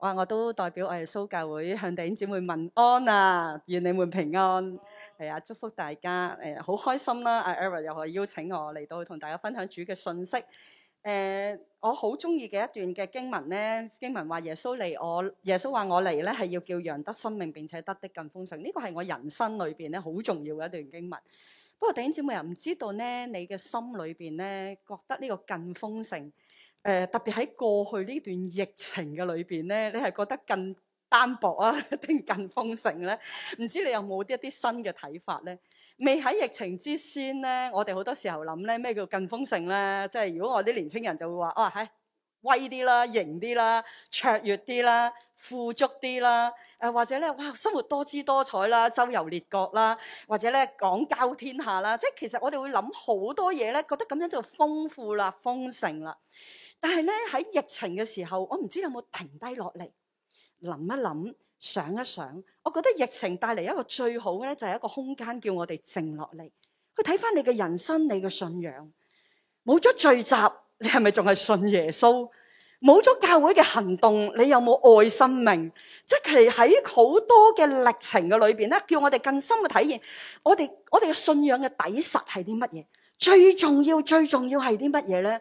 哇！我都代表我哋蘇教會向弟兄姊妹問安啊，願你們平安，係啊，祝福大家。誒，好開心啦！阿 Eric 又可以邀請我嚟到同大家分享主嘅信息。誒，我好中意嘅一段嘅經文咧，經文話耶穌嚟我，耶穌話我嚟咧係要叫人得生命，並且得的更豐盛。呢個係我人生裏邊咧好重要嘅一段經文。不過弟兄姊妹又唔知道咧，你嘅心裏邊咧覺得呢個更豐盛。誒、呃、特別喺過去呢段疫情嘅裏邊咧，你係覺得更單薄啊，定更豐盛咧？唔知你有冇啲一啲新嘅睇法咧？未喺疫情之先咧，我哋好多時候諗咧，咩叫更豐盛咧？即係如果我啲年青人就會話，哦、啊、係威啲啦，型啲啦，卓越啲啦，富足啲啦，誒或者咧，哇生活多姿多彩啦，周遊列國啦，或者咧講交天下啦，即係其實我哋會諗好多嘢咧，覺得咁樣就豐富啦，豐盛啦。但係咧，喺疫情嘅時候，我唔知有冇停低落嚟，諗一諗、想一想。我覺得疫情帶嚟一個最好嘅咧，就係、是、一個空間，叫我哋靜落嚟去睇翻你嘅人生、你嘅信仰。冇咗聚集，你係咪仲係信耶穌？冇咗教會嘅行動，你有冇愛生命？即係喺好多嘅歷程嘅裏邊咧，叫我哋更深嘅體驗我。我哋我哋嘅信仰嘅底實係啲乜嘢？最重要最重要係啲乜嘢咧？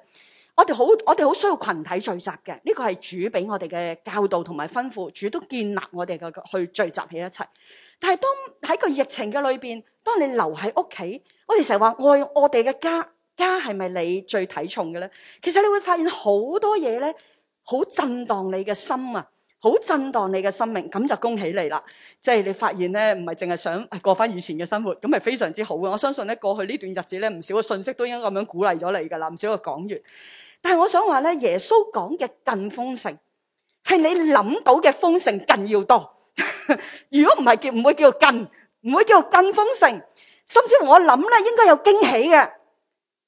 我哋好，我哋好需要群體聚集嘅，呢、這個係主俾我哋嘅教導同埋吩咐，主都建立我哋嘅去聚集喺一齊。但係當喺個疫情嘅裏邊，當你留喺屋企，我哋成日話愛我哋嘅家，家係咪你最睇重嘅咧？其實你會發現好多嘢咧，好震盪你嘅心啊，好震盪你嘅生命，咁就恭喜你啦！即係你發現咧，唔係淨係想過翻以前嘅生活，咁係非常之好嘅。我相信咧，過去呢段日子咧，唔少嘅信息都應該咁樣鼓勵咗你噶啦，唔少嘅講員。但係我想話咧，耶穌講嘅更豐盛係你諗到嘅豐盛更要多。 如果唔係叫唔會叫更，唔會叫更豐盛。甚至乎我諗咧，應該有驚喜嘅，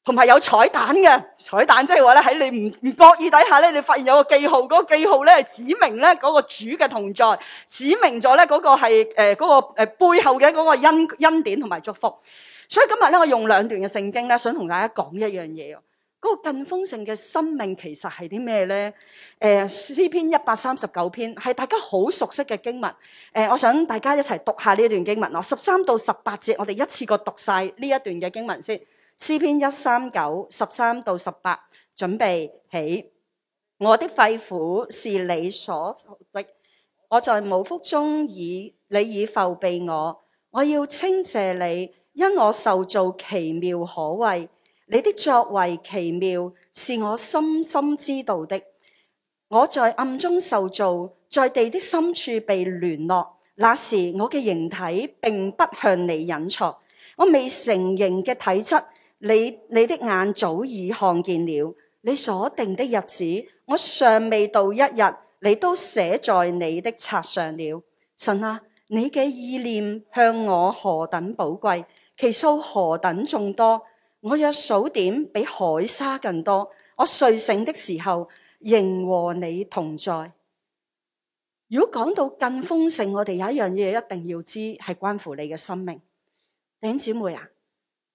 同埋有彩蛋嘅。彩蛋即係話咧，喺你唔唔覺意底下咧，你發現有個記號，嗰、那個記號咧指明咧嗰個主嘅同在，指明咗咧嗰個係誒嗰個誒背後嘅嗰個恩恩典同埋祝福。所以今日咧，我用兩段嘅聖經咧，想同大家講一樣嘢。嗰個更豐盛嘅生命其實係啲咩呢？誒，詩篇一百三十九篇係大家好熟悉嘅經文。誒，我想大家一齊讀下呢段經文。我十三到十八節，我哋一次過讀晒呢一段嘅經文先。詩篇一三九十三到十八，準備起，我的肺腑是你所造的，我在母腹中，你已覆庇我，我要稱謝你，因我受造奇妙可畏。你的作為奇妙，是我深深知道的。我在暗中受造，在地的深處被聯絡。那時我嘅形體並不向你隱藏，我未成形嘅體質，你你的眼早已看見了。你所定的日子，我尚未到一日，你都寫在你的冊上了。神啊，你嘅意念向我何等寶貴，其數何等眾多。我若數點，比海沙更多。我睡醒的時候，仍和你同在。如果講到更豐盛，我哋有一樣嘢一定要知，係關乎你嘅生命。弟兄姊妹啊，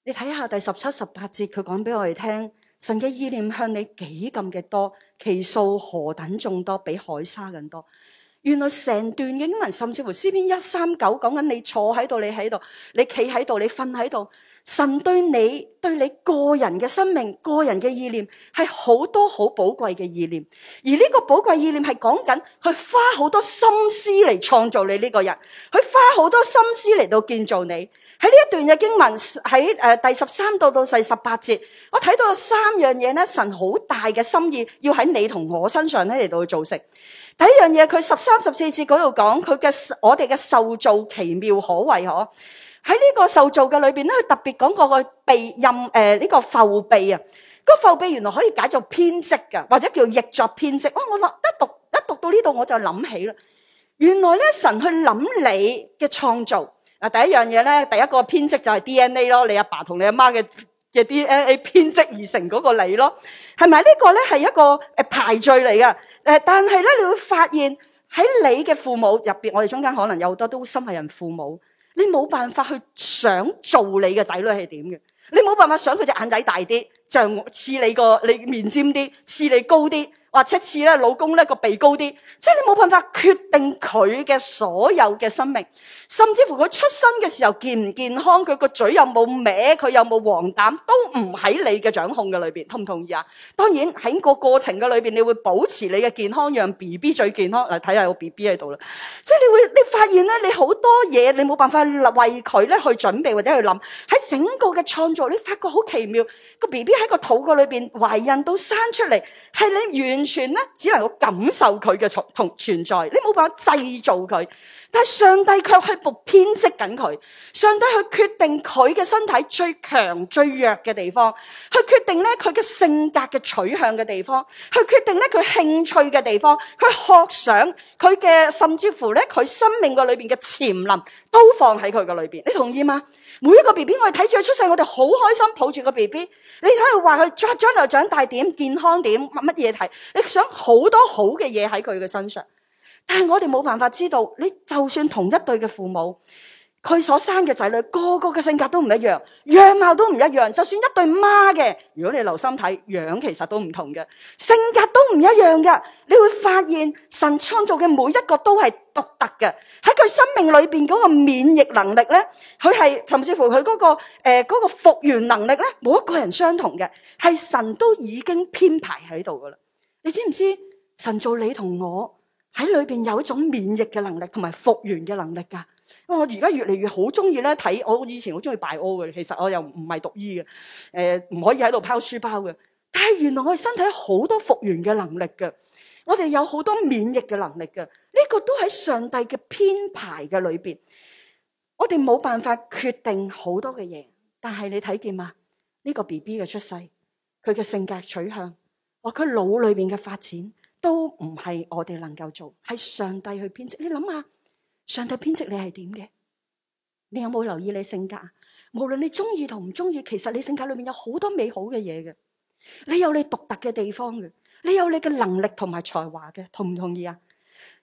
你睇下第十七、十八節，佢講俾我哋聽，神嘅意念向你幾咁嘅多，其數何等眾多，比海沙更多。原來成段經文甚至乎詩篇一三九講緊你坐喺度，你喺度，你企喺度，你瞓喺度。神對你、對你個人嘅生命、個人嘅意念係好多好寶貴嘅意念，而呢個寶貴意念係講緊佢花好多心思嚟創造你呢個人，佢花好多心思嚟到建造你。喺呢一段嘅經文，喺誒第十三到到第十八節，我睇到有三樣嘢咧，神好大嘅心意要喺你同我身上咧嚟到去造成。第一樣嘢，佢十三十四節嗰度講佢嘅我哋嘅受造奇妙可畏可。喺呢個受造嘅裏邊咧，特別講過個鼻任誒呢個覆庇啊，這個覆庇，這個，原來可以解做編織嘅，或者叫譯作編織。哇，哦！我諗一讀一讀到呢度，我就諗起啦。原來咧神去諗你嘅創造啊，第一樣嘢咧，第一個編織就係 D N A 咯，你阿爸同你阿媽嘅嘅 D N A 編織而成嗰個你咯，係咪，這個，呢個咧係一個誒排序嚟噶？誒、呃，但係咧你會發現喺你嘅父母入邊，我哋中間可能有好多都心係人父母。你冇辦法去想做你嘅仔女係點嘅，你冇辦法想佢隻眼仔大啲。像似你個你面尖啲，似你高啲，或者似咧老公咧個鼻高啲，即係你冇辦法決定佢嘅所有嘅生命，甚至乎佢出生嘅時候健唔健康，佢個嘴有冇歪，佢有冇黃疸，都唔喺你嘅掌控嘅裏邊，同唔同意啊？當然喺個過程嘅裏邊，你會保持你嘅健康，讓 B B 最健康。嚟睇下個 B B 喺度啦，即係你會你發現咧，你好多嘢你冇辦法為佢咧去準備或者去諗，喺整個嘅創作，你發覺好奇妙個 B B。喺個肚個裏邊懷孕到生出嚟，係你完全咧只能夠感受佢嘅存同存在，你冇辦法製造佢。但係上帝卻係部編織緊佢，上帝去決定佢嘅身體最強最弱嘅地方，去決定咧佢嘅性格嘅取向嘅地方，去決定咧佢興趣嘅地方，佢學想佢嘅甚至乎咧佢生命個裏邊嘅潛能都放喺佢個裏邊，你同意嗎？每一個 B B，我哋睇住佢出世，我哋好開心抱住個 B B。你睇佢話佢將來長大點，健康點，乜乜嘢睇，你想好多好嘅嘢喺佢嘅身上，但係我哋冇辦法知道。你就算同一對嘅父母。佢所生嘅仔女個個嘅性格都唔一樣，樣貌都唔一樣。就算一對孖嘅，如果你留心睇，樣其實都唔同嘅，性格都唔一樣嘅。你會發現神創造嘅每一個都係獨特嘅。喺佢生命裏邊嗰個免疫能力咧，佢係甚至乎佢嗰個誒嗰個復原能力咧，冇一個人相同嘅。係神都已經編排喺度噶啦。你知唔知神做你同我喺裏邊有一種免疫嘅能力同埋復原嘅能力噶？我而家越嚟越好中意咧睇，我以前好中意拜屙嘅。其實我又唔係讀醫嘅，誒、呃、唔可以喺度拋書包嘅。但係原來我身體好多復原嘅能力嘅，我哋有好多免疫嘅能力嘅，呢、這個都喺上帝嘅編排嘅裏邊。我哋冇辦法決定好多嘅嘢，但係你睇見呀？呢、這個 B B 嘅出世，佢嘅性格取向，或佢腦裏邊嘅發展，都唔係我哋能夠做，係上帝去編織。你諗下。上帝編織你係點嘅？你有冇留意你性格？無論你中意同唔中意，其實你性格裡面有好多美好嘅嘢嘅。你有你獨特嘅地方嘅，你有你嘅能力同埋才華嘅，同唔同意啊？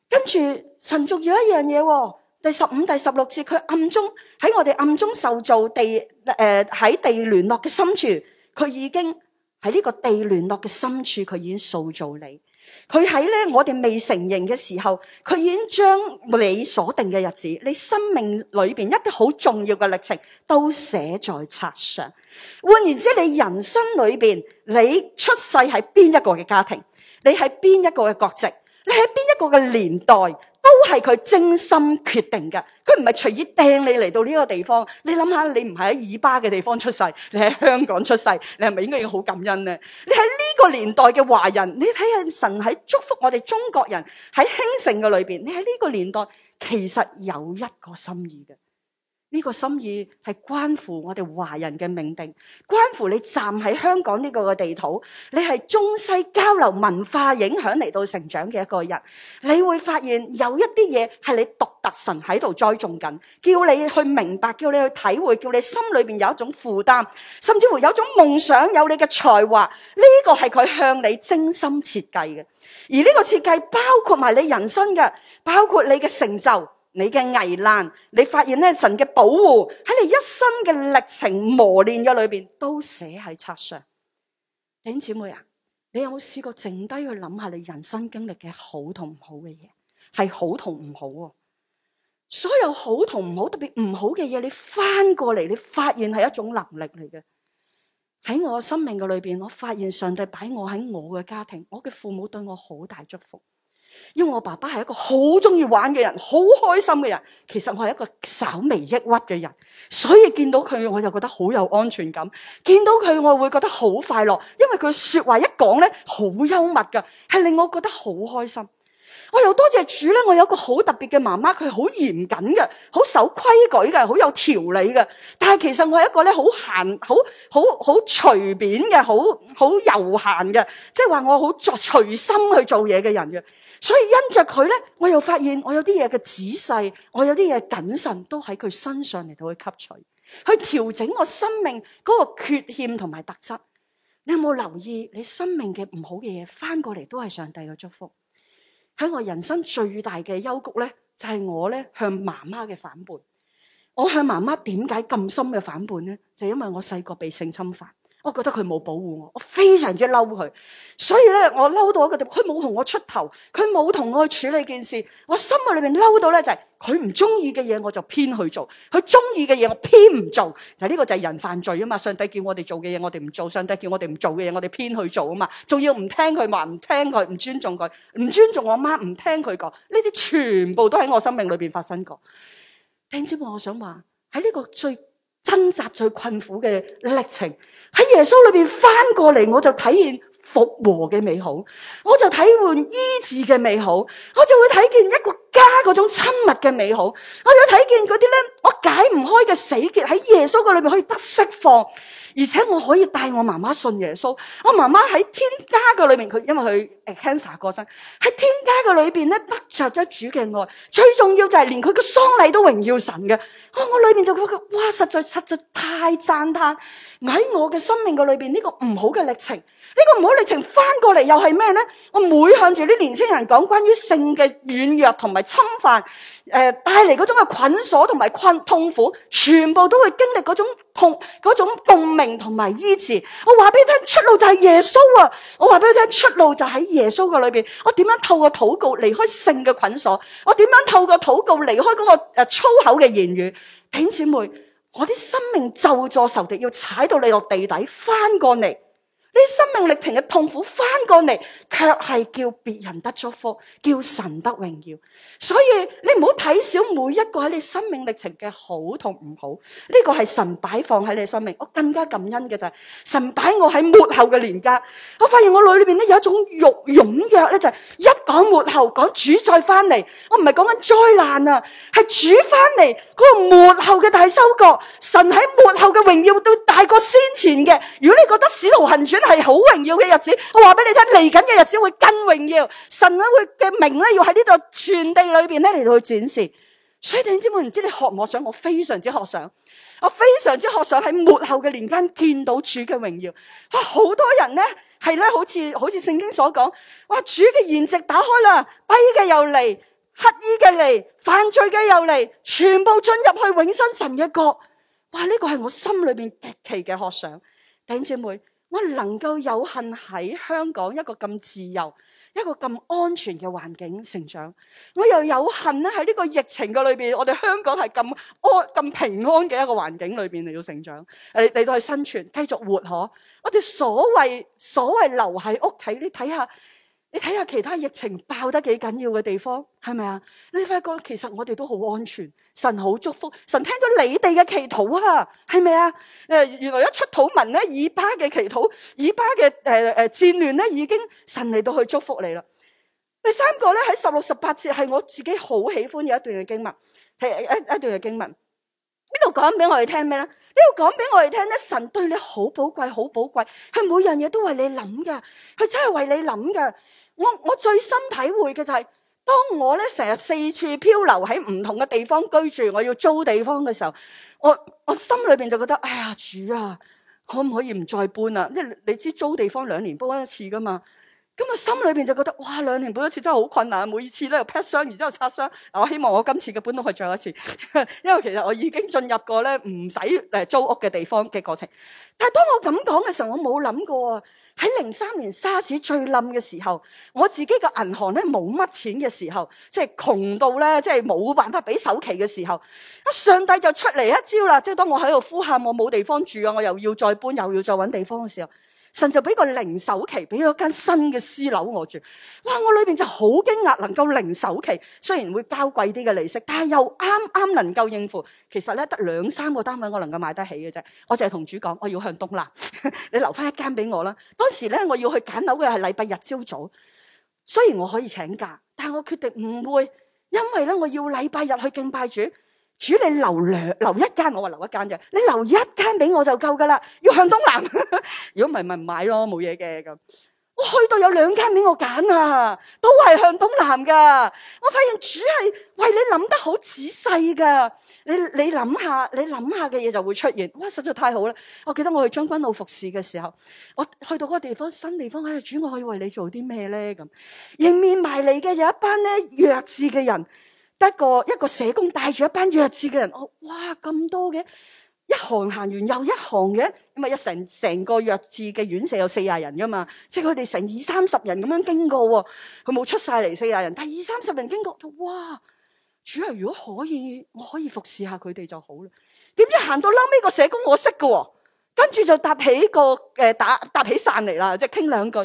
跟住神仲有一樣嘢，第十五、第十六節，佢暗中喺我哋暗中受造地，誒、呃、喺地聯絡嘅深處，佢已經喺呢個地聯絡嘅深處，佢已經塑造你。佢喺咧，我哋未成形嘅時候，佢已經將你所定嘅日子，你生命裏邊一啲好重要嘅歷程，都寫在冊上。換言之，你人生裏邊，你出世喺邊一個嘅家庭，你喺邊一個嘅國籍，你喺邊一個嘅年代。都係佢精心決定嘅，佢唔係隨意掟你嚟到呢個地方。你諗下，你唔係喺以巴嘅地方出世，你喺香港出世，你係咪應該要好感恩呢？你喺呢個年代嘅華人，你睇下神喺祝福我哋中國人喺興盛嘅裏邊，你喺呢個年代其實有一個心意嘅。呢個心意係關乎我哋華人嘅命定，關乎你站喺香港呢個嘅地圖，你係中西交流文化影響嚟到成長嘅一個人，你會發現有一啲嘢係你獨特神喺度栽種緊，叫你去明白，叫你去體會，叫你心裏面有一種負擔，甚至乎有一種夢想，有你嘅才華，呢個係佢向你精心設計嘅，而呢個設計包括埋你人生嘅，包括你嘅成就。你嘅危難，你發現咧神嘅保護喺你一生嘅歷程磨練嘅裏邊都寫喺冊上。兄姐妹啊，你有冇試過靜低去諗下你人生經歷嘅好同唔好嘅嘢？係好同唔好啊？所有好同唔好，特別唔好嘅嘢，你翻過嚟，你發現係一種能力嚟嘅。喺我生命嘅裏邊，我發現上帝擺我喺我嘅家庭，我嘅父母對我好大祝福。因為我爸爸係一個好中意玩嘅人，好開心嘅人，其實我係一個稍微抑鬱嘅人，所以見到佢我就覺得好有安全感，見到佢我會覺得好快樂，因為佢說話一講呢，好幽默㗎，係令我覺得好開心。我又多謝主咧，我有一個好特別嘅媽媽，佢好嚴謹嘅，好守規矩嘅，好有條理嘅。但係其實我係一個咧好閒、好好好隨便嘅、好好悠閒嘅，即係話我好隨心去做嘢嘅人嘅。所以因着佢咧，我又發現我有啲嘢嘅仔細，我有啲嘢謹慎，都喺佢身上嚟到去吸取，去調整我生命嗰個缺陷同埋特質。你有冇留意你生命嘅唔好嘅嘢翻過嚟都係上帝嘅祝福？喺我人生最大嘅幽谷咧，就係、是、我咧向媽媽嘅反叛。我向媽媽點解咁深嘅反叛咧？就是、因為我細個被性侵犯。我覺得佢冇保護我，我非常之嬲佢。所以咧，我嬲到一個地方，佢冇同我出頭，佢冇同我去處理件事。我心啊裏面嬲到咧就係、是，佢唔中意嘅嘢我就偏去做，佢中意嘅嘢我偏唔做。就呢個就係人犯罪啊嘛！上帝叫我哋做嘅嘢我哋唔做，上帝叫我哋唔做嘅嘢我哋偏去做啊嘛！仲要唔聽佢話，唔聽佢，唔尊重佢，唔尊重我媽，唔聽佢講，呢啲全部都喺我生命裏邊發生過。聽之，我想話喺呢個最。掙扎最困苦嘅歷程，喺耶穌裏邊翻過嚟，我就體驗復活嘅美好，我就體驗醫治嘅美好，我就會睇見一個。嗰種親密嘅美好，我有睇見嗰啲咧，我解唔開嘅死結喺耶穌嘅裏邊可以得釋放，而且我可以帶我媽媽信耶穌。我媽媽喺天家嘅裏邊，佢因為佢誒 cancer 過身，喺天家嘅裏邊咧得着咗主嘅愛。最重要就係連佢個喪禮都榮耀神嘅，啊。我我裏邊就覺得哇，實在實在太讚嘆喺我嘅生命嘅裏邊呢個唔好嘅歷程，呢個唔好歷程翻過嚟又係咩咧？我每向住啲年輕人講關於性嘅軟弱同埋親。紛誒，帶嚟嗰種嘅捆鎖同埋困痛苦，全部都會經歷嗰種痛、嗰種共鳴同埋醫治。我話俾你聽，出路就係耶穌啊！我話俾你聽，出路就喺耶穌嘅裏邊。我點樣透過禱告離開性嘅捆鎖？我點樣透過禱告離開嗰個誒粗口嘅言語？弟兄姐妹，我啲生命就助仇敵，要踩到你落地底翻過嚟。你生命歷程嘅痛苦翻過嚟，卻係叫別人得祝福，叫神得榮耀。所以你唔好睇小每一個喺你生命歷程嘅好同唔好，呢、這個係神擺放喺你生命。我更加感恩嘅就係、是、神擺我喺末後嘅年間，我發現我裏邊咧有一種欲踴躍咧就係一講末後講主再翻嚟，我唔係講緊災難啊，係主翻嚟，那個末後嘅大收割，神喺末後嘅榮耀都大過先前嘅。如果你覺得死勞行主。真係好榮耀嘅日子，我話俾你聽，嚟緊嘅日子會更榮耀。神咧會嘅名咧要喺呢度傳遞裏邊咧嚟到去展示。所以，弟兄姊妹，唔知你學唔學想？我非常之學想，我非常之學想喺末後嘅年間見到主嘅榮耀。哇，好多人咧係咧好似好似聖經所講，哇，主嘅筵席打開啦，跛嘅又嚟，乞衣嘅嚟，犯罪嘅又嚟，全部進入去永生神嘅國。哇，呢個係我心裏邊極其嘅學想，弟兄姊妹。我能夠有幸喺香港一個咁自由、一個咁安全嘅環境成長，我又有幸咧喺呢個疫情嘅裏邊，我哋香港係咁安、咁平安嘅一個環境裏邊嚟到成長、嚟嚟到去生存、繼續活可。我哋所謂所謂留喺屋企，你睇下。你睇下其他疫情爆得幾緊要嘅地方，係咪啊？你發覺其實我哋都好安全，神好祝福，神聽到你哋嘅祈禱啊，係咪啊？誒，原來一出土文咧，以巴嘅祈禱，以巴嘅誒誒戰亂咧，已經神嚟到去祝福你啦。第三個咧喺十六十八節係我自己好喜歡嘅一段嘅經文，係一一段嘅經文。呢度講俾我哋聽咩咧？呢度講俾我哋聽咧，神對你好寶貴，好寶貴，係每樣嘢都為你諗嘅，佢真係為你諗嘅。我我最深體會嘅就係、是，當我咧成日四處漂流喺唔同嘅地方居住，我要租地方嘅時候，我我心裏邊就覺得，哎呀，主啊，可唔可以唔再搬啊？因為你知租地方兩年搬一次噶嘛。咁我心裏邊就覺得哇，兩年半一次真係好困難啊！每次咧又劈傷，然之後擦傷。嗱，我希望我今次嘅搬屋係最後一次， 因為其實我已經進入過咧唔使誒租屋嘅地方嘅過程。但係當我咁講嘅時候，我冇諗過喎。喺零三年沙士最冧嘅時候，我自己個銀行咧冇乜錢嘅時候，即係窮到咧，即係冇辦法俾首期嘅時候，啊，上帝就出嚟一招啦。即係當我喺度呼喊我冇地方住啊，我又要再搬，又要再揾地方嘅時候。神就俾個零首期，俾咗間新嘅私樓我住。哇！我裏邊就好驚訝，能夠零首期，雖然會交貴啲嘅利息，但係又啱啱能夠應付。其實咧，得兩三個單位我能夠買得起嘅啫。我就係同主講，我要向東啦， 你留翻一間俾我啦。當時咧，我要去揀樓嘅係禮拜日朝早，雖然我可以請假，但係我決定唔會，因為咧我要禮拜日去敬拜主。主你留兩留一間，我話留一間啫。你留一間俾我就夠噶啦。要向東南，如果唔係咪唔買咯，冇嘢嘅咁。我去到有兩間俾我揀啊，都係向東南噶。我發現主係為你諗得好仔細噶。你你諗下，你諗下嘅嘢就會出現。哇，實在太好啦！我記得我去將軍澳服侍嘅時候，我去到嗰個地方新地方，唉、哎，主我可以為你做啲咩咧咁？迎面埋嚟嘅有一班咧弱智嘅人。得個一個社工帶住一班弱智嘅人，我、哦、哇咁多嘅，一行行完又一行嘅，咁啊一成成個弱智嘅院舍有四廿人噶嘛，即係佢哋成二三十人咁樣經過喎，佢、哦、冇出晒嚟，四廿人，但二三十人經過，就哇主啊，如果可以，我可以服侍下佢哋就好啦。點知行到嬲尾個社工我識噶、哦。跟住就搭起個誒打、呃、搭起傘嚟啦，即係傾兩句。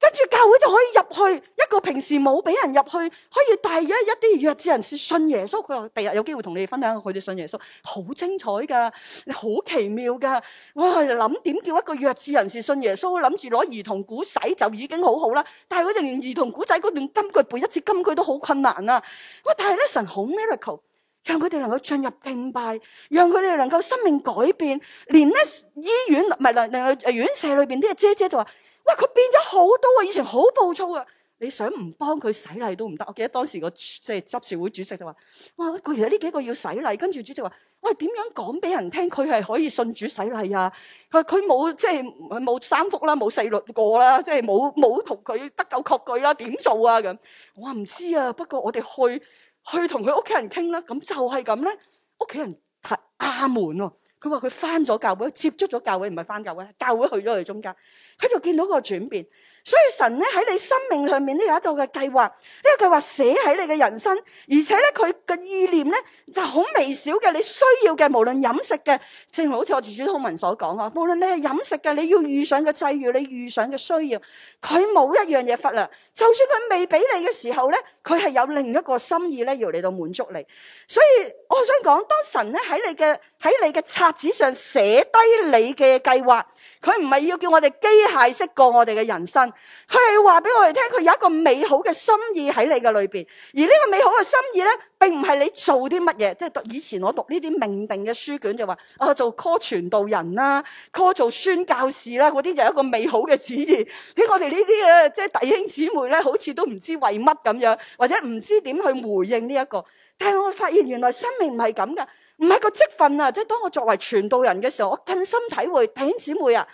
跟住教會就可以入去，一個平時冇俾人入去，可以帶一啲弱智人士信耶穌，佢話第日有機會同你哋分享佢哋信耶穌，好精彩噶，你好奇妙噶。我係諗點叫一個弱智人士信耶穌？諗住攞兒童古仔就已經好好啦。但係佢哋連兒童古仔嗰段金句背一次金句都好困難啊。喂，但係咧神好 miracle。讓佢哋能夠進入敬拜，讓佢哋能夠生命改變。連咧醫院唔係，另外嗰院舍裏邊啲阿姐姐就話，哇，佢變咗好多啊！以前好暴躁啊！你想唔幫佢洗禮都唔得。我記得當時個即係執事會主席就話，哇，佢其實呢幾個要洗禮。跟住主席話，喂，點樣講俾人聽佢係可以信主洗禮啊？佢佢冇即係冇三福啦，冇四律過啦，即係冇冇同佢得夠確據啦？點做啊？咁我話唔知啊，不過我哋去。去同佢屋企人傾啦，咁就係咁咧。屋企人太阿門喎，佢話佢返咗教會，接觸咗教會，唔係返教會，教會去咗佢中間，佢就見到個轉變。所以神咧喺你生命上面咧有一個嘅計劃，呢、呢個計劃寫喺你嘅人生，而且咧佢嘅意念咧就好微小嘅，你需要嘅無論飲食嘅，正如好似我自主通文所講啊，無論你係飲食嘅，你要遇上嘅際遇，你遇上嘅需要，佢冇一樣嘢忽略，就算佢未俾你嘅時候咧，佢係有另一個心意咧要嚟到滿足你。所以我想講，當神咧喺你嘅喺你嘅冊子上寫低你嘅計劃，佢唔係要叫我哋機械式過我哋嘅人生。佢係話俾我哋聽，佢有一個美好嘅心意喺你嘅裏邊，而呢個美好嘅心意咧，並唔係你做啲乜嘢。即係以前我讀呢啲命定嘅書卷就話，啊做 call 傳道人啦、啊、，call 做宣教士啦、啊，嗰啲就係一個美好嘅旨意。俾我哋呢啲嘅即係弟兄姊妹咧，好似都唔知為乜咁樣，或者唔知點去回應呢、這、一個。但係我發現原來生命唔係咁噶，唔係個積分啊！即係當我作為傳道人嘅時候，我更深體會弟兄姊妹啊。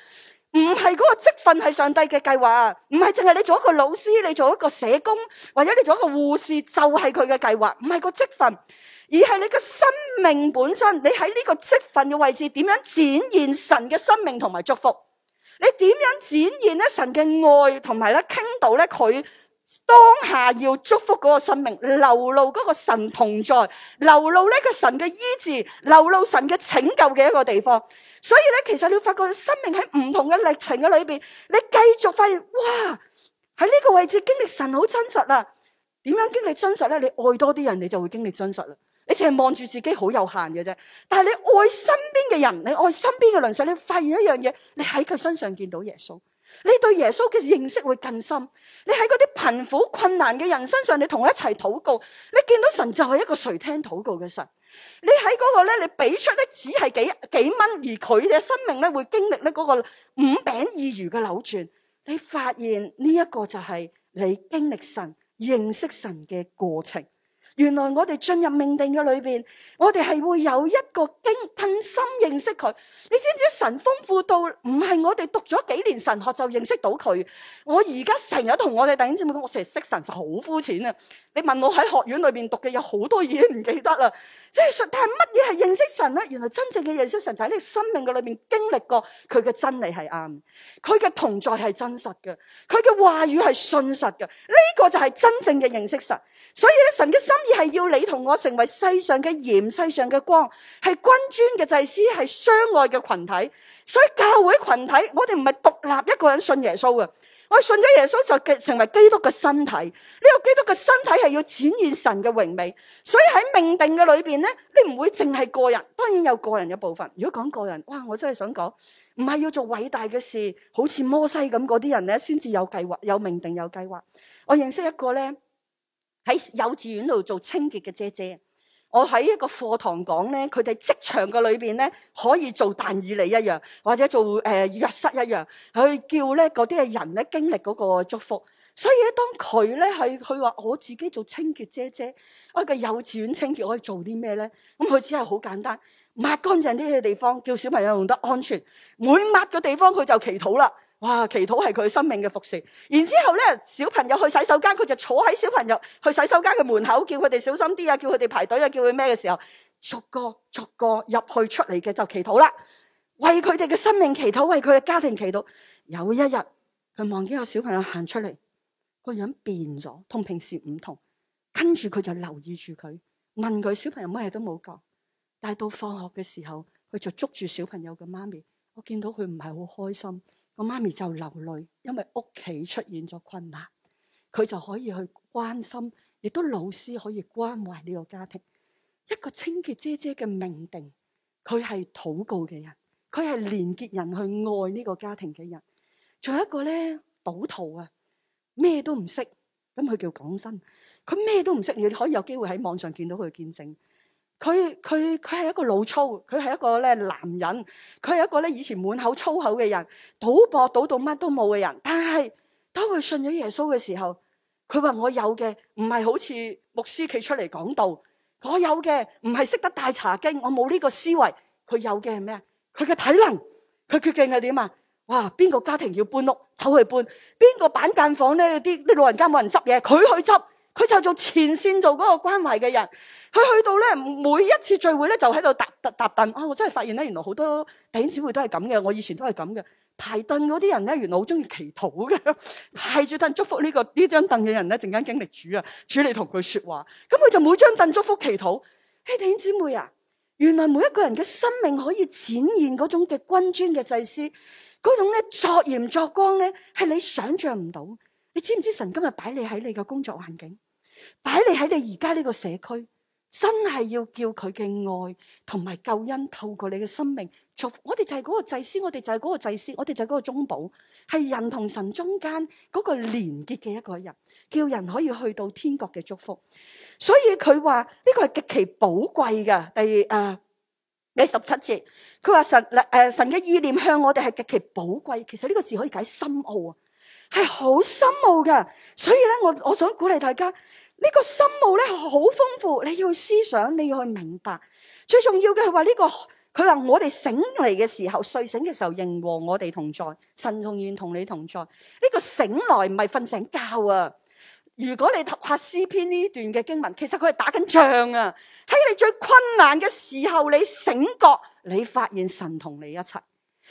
唔係嗰個職份係上帝嘅計劃啊，唔係淨係你做一個老師，你做一個社工，或者你做一個護士，就係佢嘅計劃，唔係個職份，而係你嘅生命本身。你喺呢個職份嘅位置，點樣展現神嘅生命同埋祝福？你點樣展現咧神嘅愛，同埋咧傾到咧佢？當下要祝福嗰個生命，流露嗰個神同在，流露呢個神嘅醫治，流露神嘅拯救嘅一個地方。所以咧，其實你會發覺生命喺唔同嘅歷程嘅裏邊，你繼續發現哇，喺呢個位置經歷神好真實啊！點樣經歷真實咧？你愛多啲人，你就會經歷真實啦。你淨係望住自己好有限嘅啫，但係你愛身邊嘅人，你愛身邊嘅鄰舍，你發現一樣嘢，你喺佢身上見到耶穌。你對耶穌嘅認識會更深。你喺嗰啲貧苦困難嘅人身上，你同佢一齊禱告。你見到神就係一個垂聽禱告嘅神。你喺嗰個咧，你俾出呢只係幾幾蚊，而佢嘅生命咧，會經歷呢嗰個五餅二魚嘅扭轉。你發現呢一個就係你經歷神認識神嘅過程。原來我哋進入命定嘅裏邊，我哋係會有一個經更深認識佢。你知唔知神豐富到唔係我哋讀咗幾年神學就認識到佢？我而家成日同我哋弟兄姊妹講，我成日識神就好膚淺啊！你問我喺學院裏邊讀嘅有好多嘢唔記得啦。即係，但係乜嘢係認識神咧？原來真正嘅認識神就喺你生命嘅裏邊經歷過佢嘅真理係啱，佢嘅同在係真實嘅，佢嘅話語係信實嘅。呢個就係真正嘅認識神。所以咧，神嘅心意。係要你同我成為世上嘅鹽，世上嘅光，係君尊嘅祭司，係相愛嘅群體。所以教會群體，我哋唔係獨立一個人信耶穌嘅。我哋信咗耶穌就成為基督嘅身體。呢個基督嘅身體係要展現神嘅榮美。所以喺命定嘅裏邊咧，你唔會淨係個人，當然有個人嘅部分。如果講個人，哇！我真係想講，唔係要做偉大嘅事，好似摩西咁嗰啲人咧，先至有計劃、有命定、有計劃。我認識一個咧。喺幼稚園度做清潔嘅姐姐，我喺一個課堂講咧，佢哋職場嘅裏邊咧可以做但以理一樣，或者做誒約、呃、瑟一樣，去叫咧嗰啲嘅人咧經歷嗰個祝福。所以咧，當佢咧係佢話我自己做清潔姐姐，一個幼稚園清潔可以做啲咩咧？咁佢只係好簡單，抹乾淨啲嘅地方，叫小朋友用得安全。每抹嘅地方，佢就祈禱啦。哇！祈禱係佢生命嘅服侍。然之後咧，小朋友去洗手間，佢就坐喺小朋友去洗手間嘅門口，叫佢哋小心啲啊，叫佢哋排隊啊，叫佢咩嘅時候，逐個逐個入去出嚟嘅就祈禱啦，為佢哋嘅生命祈禱，為佢嘅家庭祈禱。有一日，佢望見個小朋友行出嚟，個樣變咗，同平時唔同。跟住佢就留意住佢，問佢小朋友乜嘢都冇講。但係到放學嘅時候，佢就捉住小朋友嘅媽咪，我見到佢唔係好開心。我媽咪就流淚，因為屋企出現咗困難，佢就可以去關心，亦都老師可以關懷呢個家庭。一個清潔姐姐嘅命定，佢係禱告嘅人，佢係連結人去愛呢個家庭嘅人。仲有一個咧，賭徒啊，咩都唔識，咁佢叫港新，佢咩都唔識，你你可以有機會喺網上見到佢嘅見證。佢佢佢係一個老粗，佢係一個咧男人，佢係一個咧以前滿口粗口嘅人，賭博賭到乜都冇嘅人。但係當佢信咗耶穌嘅時候，佢話我有嘅唔係好似牧師企出嚟講道，我有嘅唔係識得大茶經，我冇呢個思維。佢有嘅係咩啊？佢嘅體能，佢決定係點啊？哇！邊個家庭要搬屋，走去搬；邊個板間房咧，啲啲老人家冇人執嘢，佢去執。佢就做前線，做嗰個關懷嘅人，佢去到咧每一次聚會咧就喺度搭搭搭凳啊！我真係發現咧，原來好多弟兄姊妹都係咁嘅，我以前都係咁嘅。排凳嗰啲人咧，原來好中意祈禱嘅，排住凳祝福、這個、呢個呢張凳嘅人咧，陣間經歷主啊，主你同佢說話，咁、嗯、佢就每張凳祝福祈禱，嘿，弟兄姊妹啊，原來每一個人嘅生命可以展現嗰種嘅君尊嘅祭司嗰種咧作鹽作光咧，係你想象唔到。你知唔知神今日擺你喺你嘅工作環境？擺你喺你而家呢個社區，真係要叫佢嘅愛同埋救恩透過你嘅生命祝福。我哋就係嗰個祭司，我哋就係嗰個祭司，我哋就係嗰個中保，係人同神中間嗰個連結嘅一個人，叫人可以去到天國嘅祝福。所以佢話呢個係極其寶貴嘅。第啊第十七節，佢、呃、話神誒、呃、神嘅意念向我哋係極其寶貴。其實呢個字可以解深奧啊，係好深奧㗎。所以咧，我我想鼓勵大家。呢個深奧咧好豐富，你要去思想，你要去明白。最重要嘅係話呢個，佢話我哋醒嚟嘅時候、睡醒嘅時候，仍和我哋同在，神仍然同你同在。呢、這個醒來唔係瞓醒覺啊！如果你讀下詩篇呢段嘅經文，其實佢係打緊仗啊。喺你最困難嘅時候，你醒覺，你發現神同你一齊。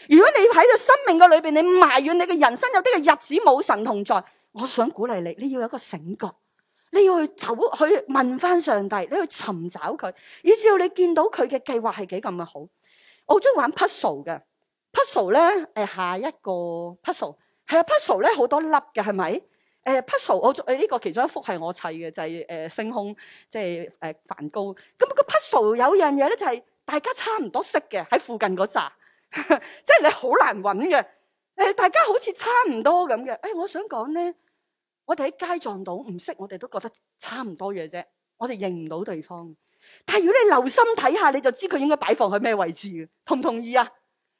如果你喺度生命嘅裏邊，你埋怨你嘅人生有啲嘅日子冇神同在，我想鼓勵你，你要有一個醒覺。你要去走去問翻上帝，你要去尋找佢，以至要你見到佢嘅計劃係幾咁嘅好。我中意玩 puzzle 嘅 puzzle 咧，誒下一個 puzzle 係啊 puzzle 咧好多粒嘅係咪？誒 puzzle 我呢、這個其中一幅係我砌嘅，就係、是、誒、呃、星空，即係誒梵高。咁、那個 puzzle 有樣嘢咧，就係大家差唔多識嘅喺附近嗰扎，即係你好難揾嘅。誒、呃、大家好似差唔多咁嘅。誒、哎、我想講咧。我哋喺街撞到唔識，我哋都覺得差唔多嘢啫。我哋認唔到對方，但係如果你留心睇下，你就知佢應該擺放喺咩位置。同唔同意啊？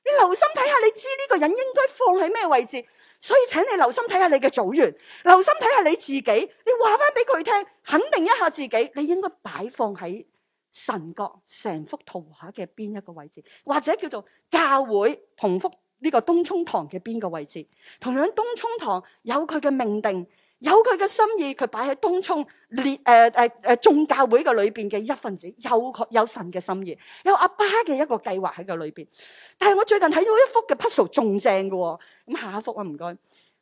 你留心睇下，你知呢個人應該放喺咩位置。所以，請你留心睇下你嘅組員，留心睇下你自己。你話翻俾佢聽，肯定一下自己，你應該擺放喺神國成幅圖畫嘅邊一個位置，或者叫做教會同幅呢個東涌堂嘅邊個位置。同樣，東涌堂有佢嘅命定。有佢嘅心意，佢擺喺東涌列誒誒誒眾教會嘅裏邊嘅一份子，有有神嘅心意，有阿爸嘅一個計劃喺個裏邊。但係我最近睇到一幅嘅 puzzle 仲正嘅，哦，咁下一幅啊，唔該。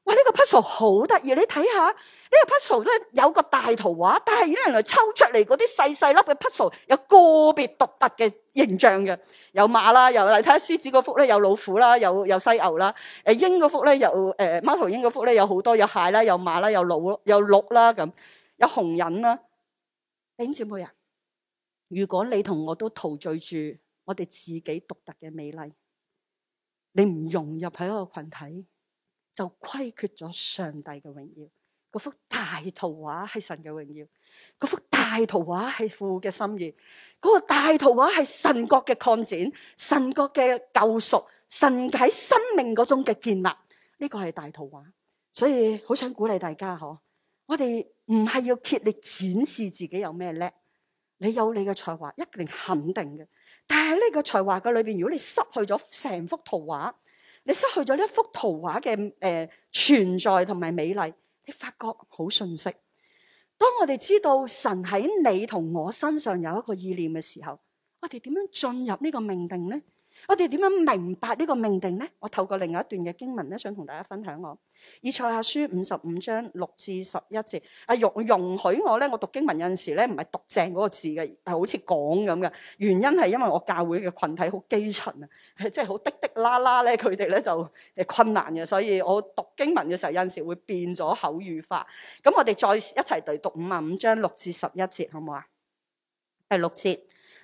哇！呢、這個拼圖好得意，你睇下呢個拼圖咧，有個大圖畫，但係原來抽出嚟嗰啲細細粒嘅 p 拼圖，有個別獨特嘅形象嘅，有馬啦，又嚟睇下獅子嗰幅咧，有老虎啦，有有犀牛啦，誒鷹嗰幅咧，有誒貓頭鷹嗰幅咧，有好、呃、多有蟹啦，有馬啦，有鹿有鹿啦咁，有紅人啦。弟兄姊妹啊，如果你同我都陶醉住我哋自己獨特嘅美麗，你唔融入喺一個群體，就虧缺咗上帝嘅榮耀。嗰幅大圖畫係神嘅榮耀，嗰幅大圖畫係父嘅心意，嗰、那個大圖畫係神國嘅擴展，神國嘅救贖，神喺生命嗰種嘅建立，呢、這個係大圖畫。所以好想鼓勵大家嗬，我哋唔係要竭力展示自己有咩叻，你有你嘅才華，一定肯定嘅。但係呢個才華嘅裏邊，如果你失去咗成幅圖畫。你失去咗呢一幅圖畫嘅、誒、呃、存在同埋美麗，你發覺好遜色。當我哋知道神喺你同我身上有一個意念嘅時候，我哋點樣進入呢個命定咧？我哋點樣明白呢個命定呢？我透過另外一段嘅經文呢，想同大家分享我以賽亞書五十五章六至十一節。阿容容許我咧，我讀經文有陣時咧，唔係讀正嗰個字嘅，係好似講咁嘅。原因係因為我教會嘅群體好基層啊，即係好滴滴啦啦咧，佢哋咧就誒困難嘅，所以我讀經文嘅時候有陣時會變咗口語化。咁我哋再一齊嚟讀五十五章六至十一節，好唔好啊？第六節。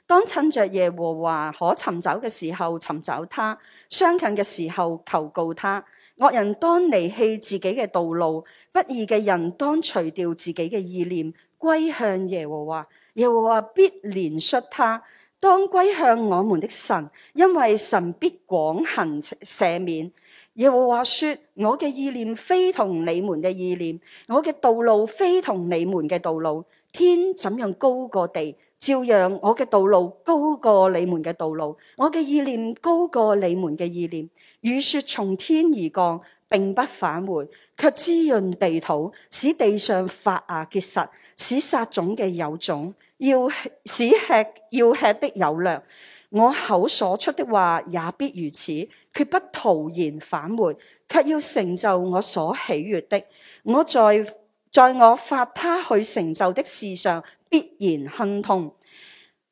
當趁着耶和華可尋找嘅時候尋找他，相近嘅時候求告他。惡人當離棄自己嘅道路，不義嘅人當除掉自己嘅意念，歸向耶和華。耶和華必憐恤他。當歸向我們的神，因為神必廣行赦免。耶和華說：我嘅意念非同你們嘅意念，我嘅道路非同你們嘅道路。天怎樣高過地，照樣我嘅道路高過你們嘅道路，我嘅意念高過你們嘅意念。雨雪從天而降，並不返回，卻滋潤地土，使地上發芽結實，使撒種嘅有種，要使吃要吃的有糧。我口所出的話也必如此，決不徒然返回，卻要成就我所喜悅的。我在在我發他去成就的事上必然亨通。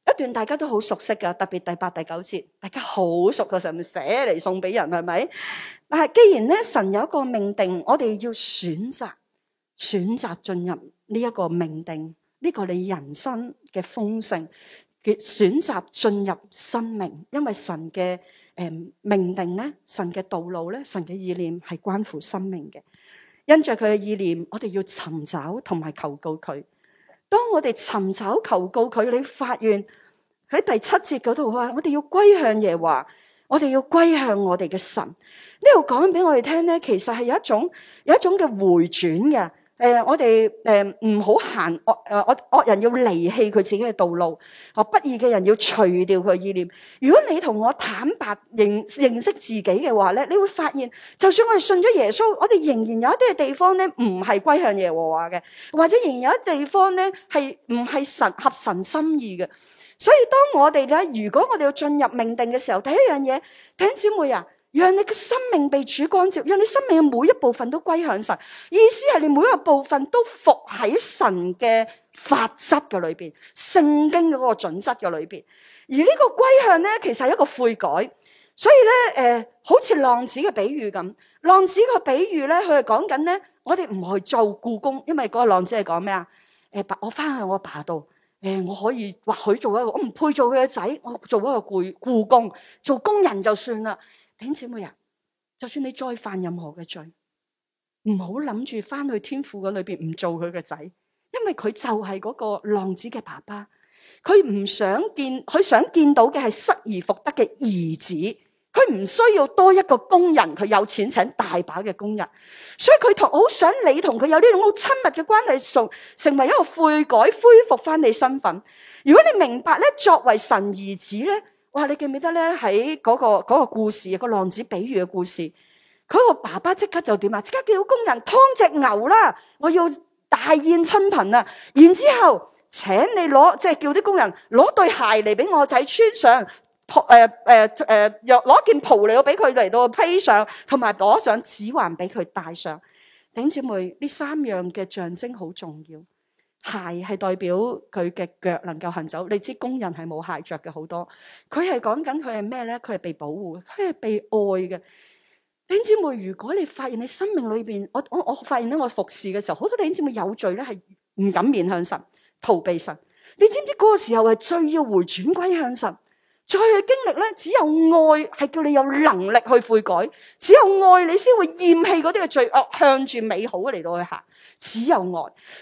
一段大家都好熟悉噶，特別第八、第九節，大家好熟噶，神寫嚟送俾人係咪？但係既然呢，神有一個命定，我哋要選擇選擇進入呢一個命定，呢、這個你人生嘅豐盛。決選擇進入生命，因為神嘅誒命定咧，神嘅道路咧，神嘅意念係關乎生命嘅。因着佢嘅意念，我哋要尋找同埋求告佢。當我哋尋找求告佢，你發現喺第七節嗰度話，我哋要歸向耶和華，我哋要歸向我哋嘅神。呢度講俾我哋聽咧，其實係有一種有一種嘅回轉嘅。誒、呃，我哋誒唔好行惡，誒、呃、我、呃、惡人要離棄佢自己嘅道路，啊不義嘅人要除掉佢意念。如果你同我坦白認認，認識自己嘅話咧，你會發現，就算我哋信咗耶穌，我哋仍然有一啲嘅地方咧唔係歸向耶和華嘅，或者仍然有一啲地方咧係唔係神合神心意嘅。所以當我哋咧，如果我哋要進入命定嘅時候，第一樣嘢，聽小妹呀、啊。讓你嘅生命被主光照，讓你生命嘅每一部分都歸向神。意思係你每一個部分都服喺神嘅法則嘅裏邊，聖經嗰個準則嘅裏邊。而呢個歸向咧，其實係一個悔改。所以咧，誒、呃，好似浪子嘅比喻咁，浪子嘅比喻咧，佢係講緊咧，我哋唔去做僱工，因為嗰個浪子係講咩啊？誒、呃，我翻去我阿爸度，誒、呃，我可以或許做一個，我唔配做佢嘅仔，我做一個僱僱工，做工人就算啦。兄姐妹呀，就算你再犯任何嘅罪，唔好諗住翻去天父嘅裏邊唔做佢嘅仔，因為佢就係嗰個浪子嘅爸爸，佢唔想見，佢想見到嘅係失而復得嘅兒子，佢唔需要多一個工人，佢有錢請大把嘅工人，所以佢同好想你同佢有呢種好親密嘅關係，從成為一個悔改、恢復翻你身份。如果你明白咧，作為神兒子咧。哇！你記唔記得咧？喺嗰、嗰個、嗰個故事，嗰個浪子比喻嘅故事，佢、嗰個爸爸即刻就點啊？即刻叫工人劏隻牛啦！我要大宴親朋啊！然之後請你攞，即係叫啲工人攞對鞋，嚟俾我仔穿上，誒誒誒，又、呃、攞、呃呃、件袍嚟俾佢嚟到披上，同埋攞上指環俾佢戴上。頂姐妹，呢三樣嘅象徵好重要。鞋係代表佢嘅腳能夠行走，你知工人係冇鞋着嘅，好多，佢係講緊佢係咩咧？佢係被保護，佢係被愛嘅。弟兄姊妹，如果你發現你生命裏邊，我我我發現咧，我服侍嘅時候，好多弟兄姊妹有罪咧，係唔敢面向神，逃避神。你知唔知嗰個時候係最要回轉歸向神？再去經歷咧，只有愛係叫你有能力去悔改，只有愛你先會厭棄嗰啲嘅罪惡，向住美好嚟到去行。只有愛，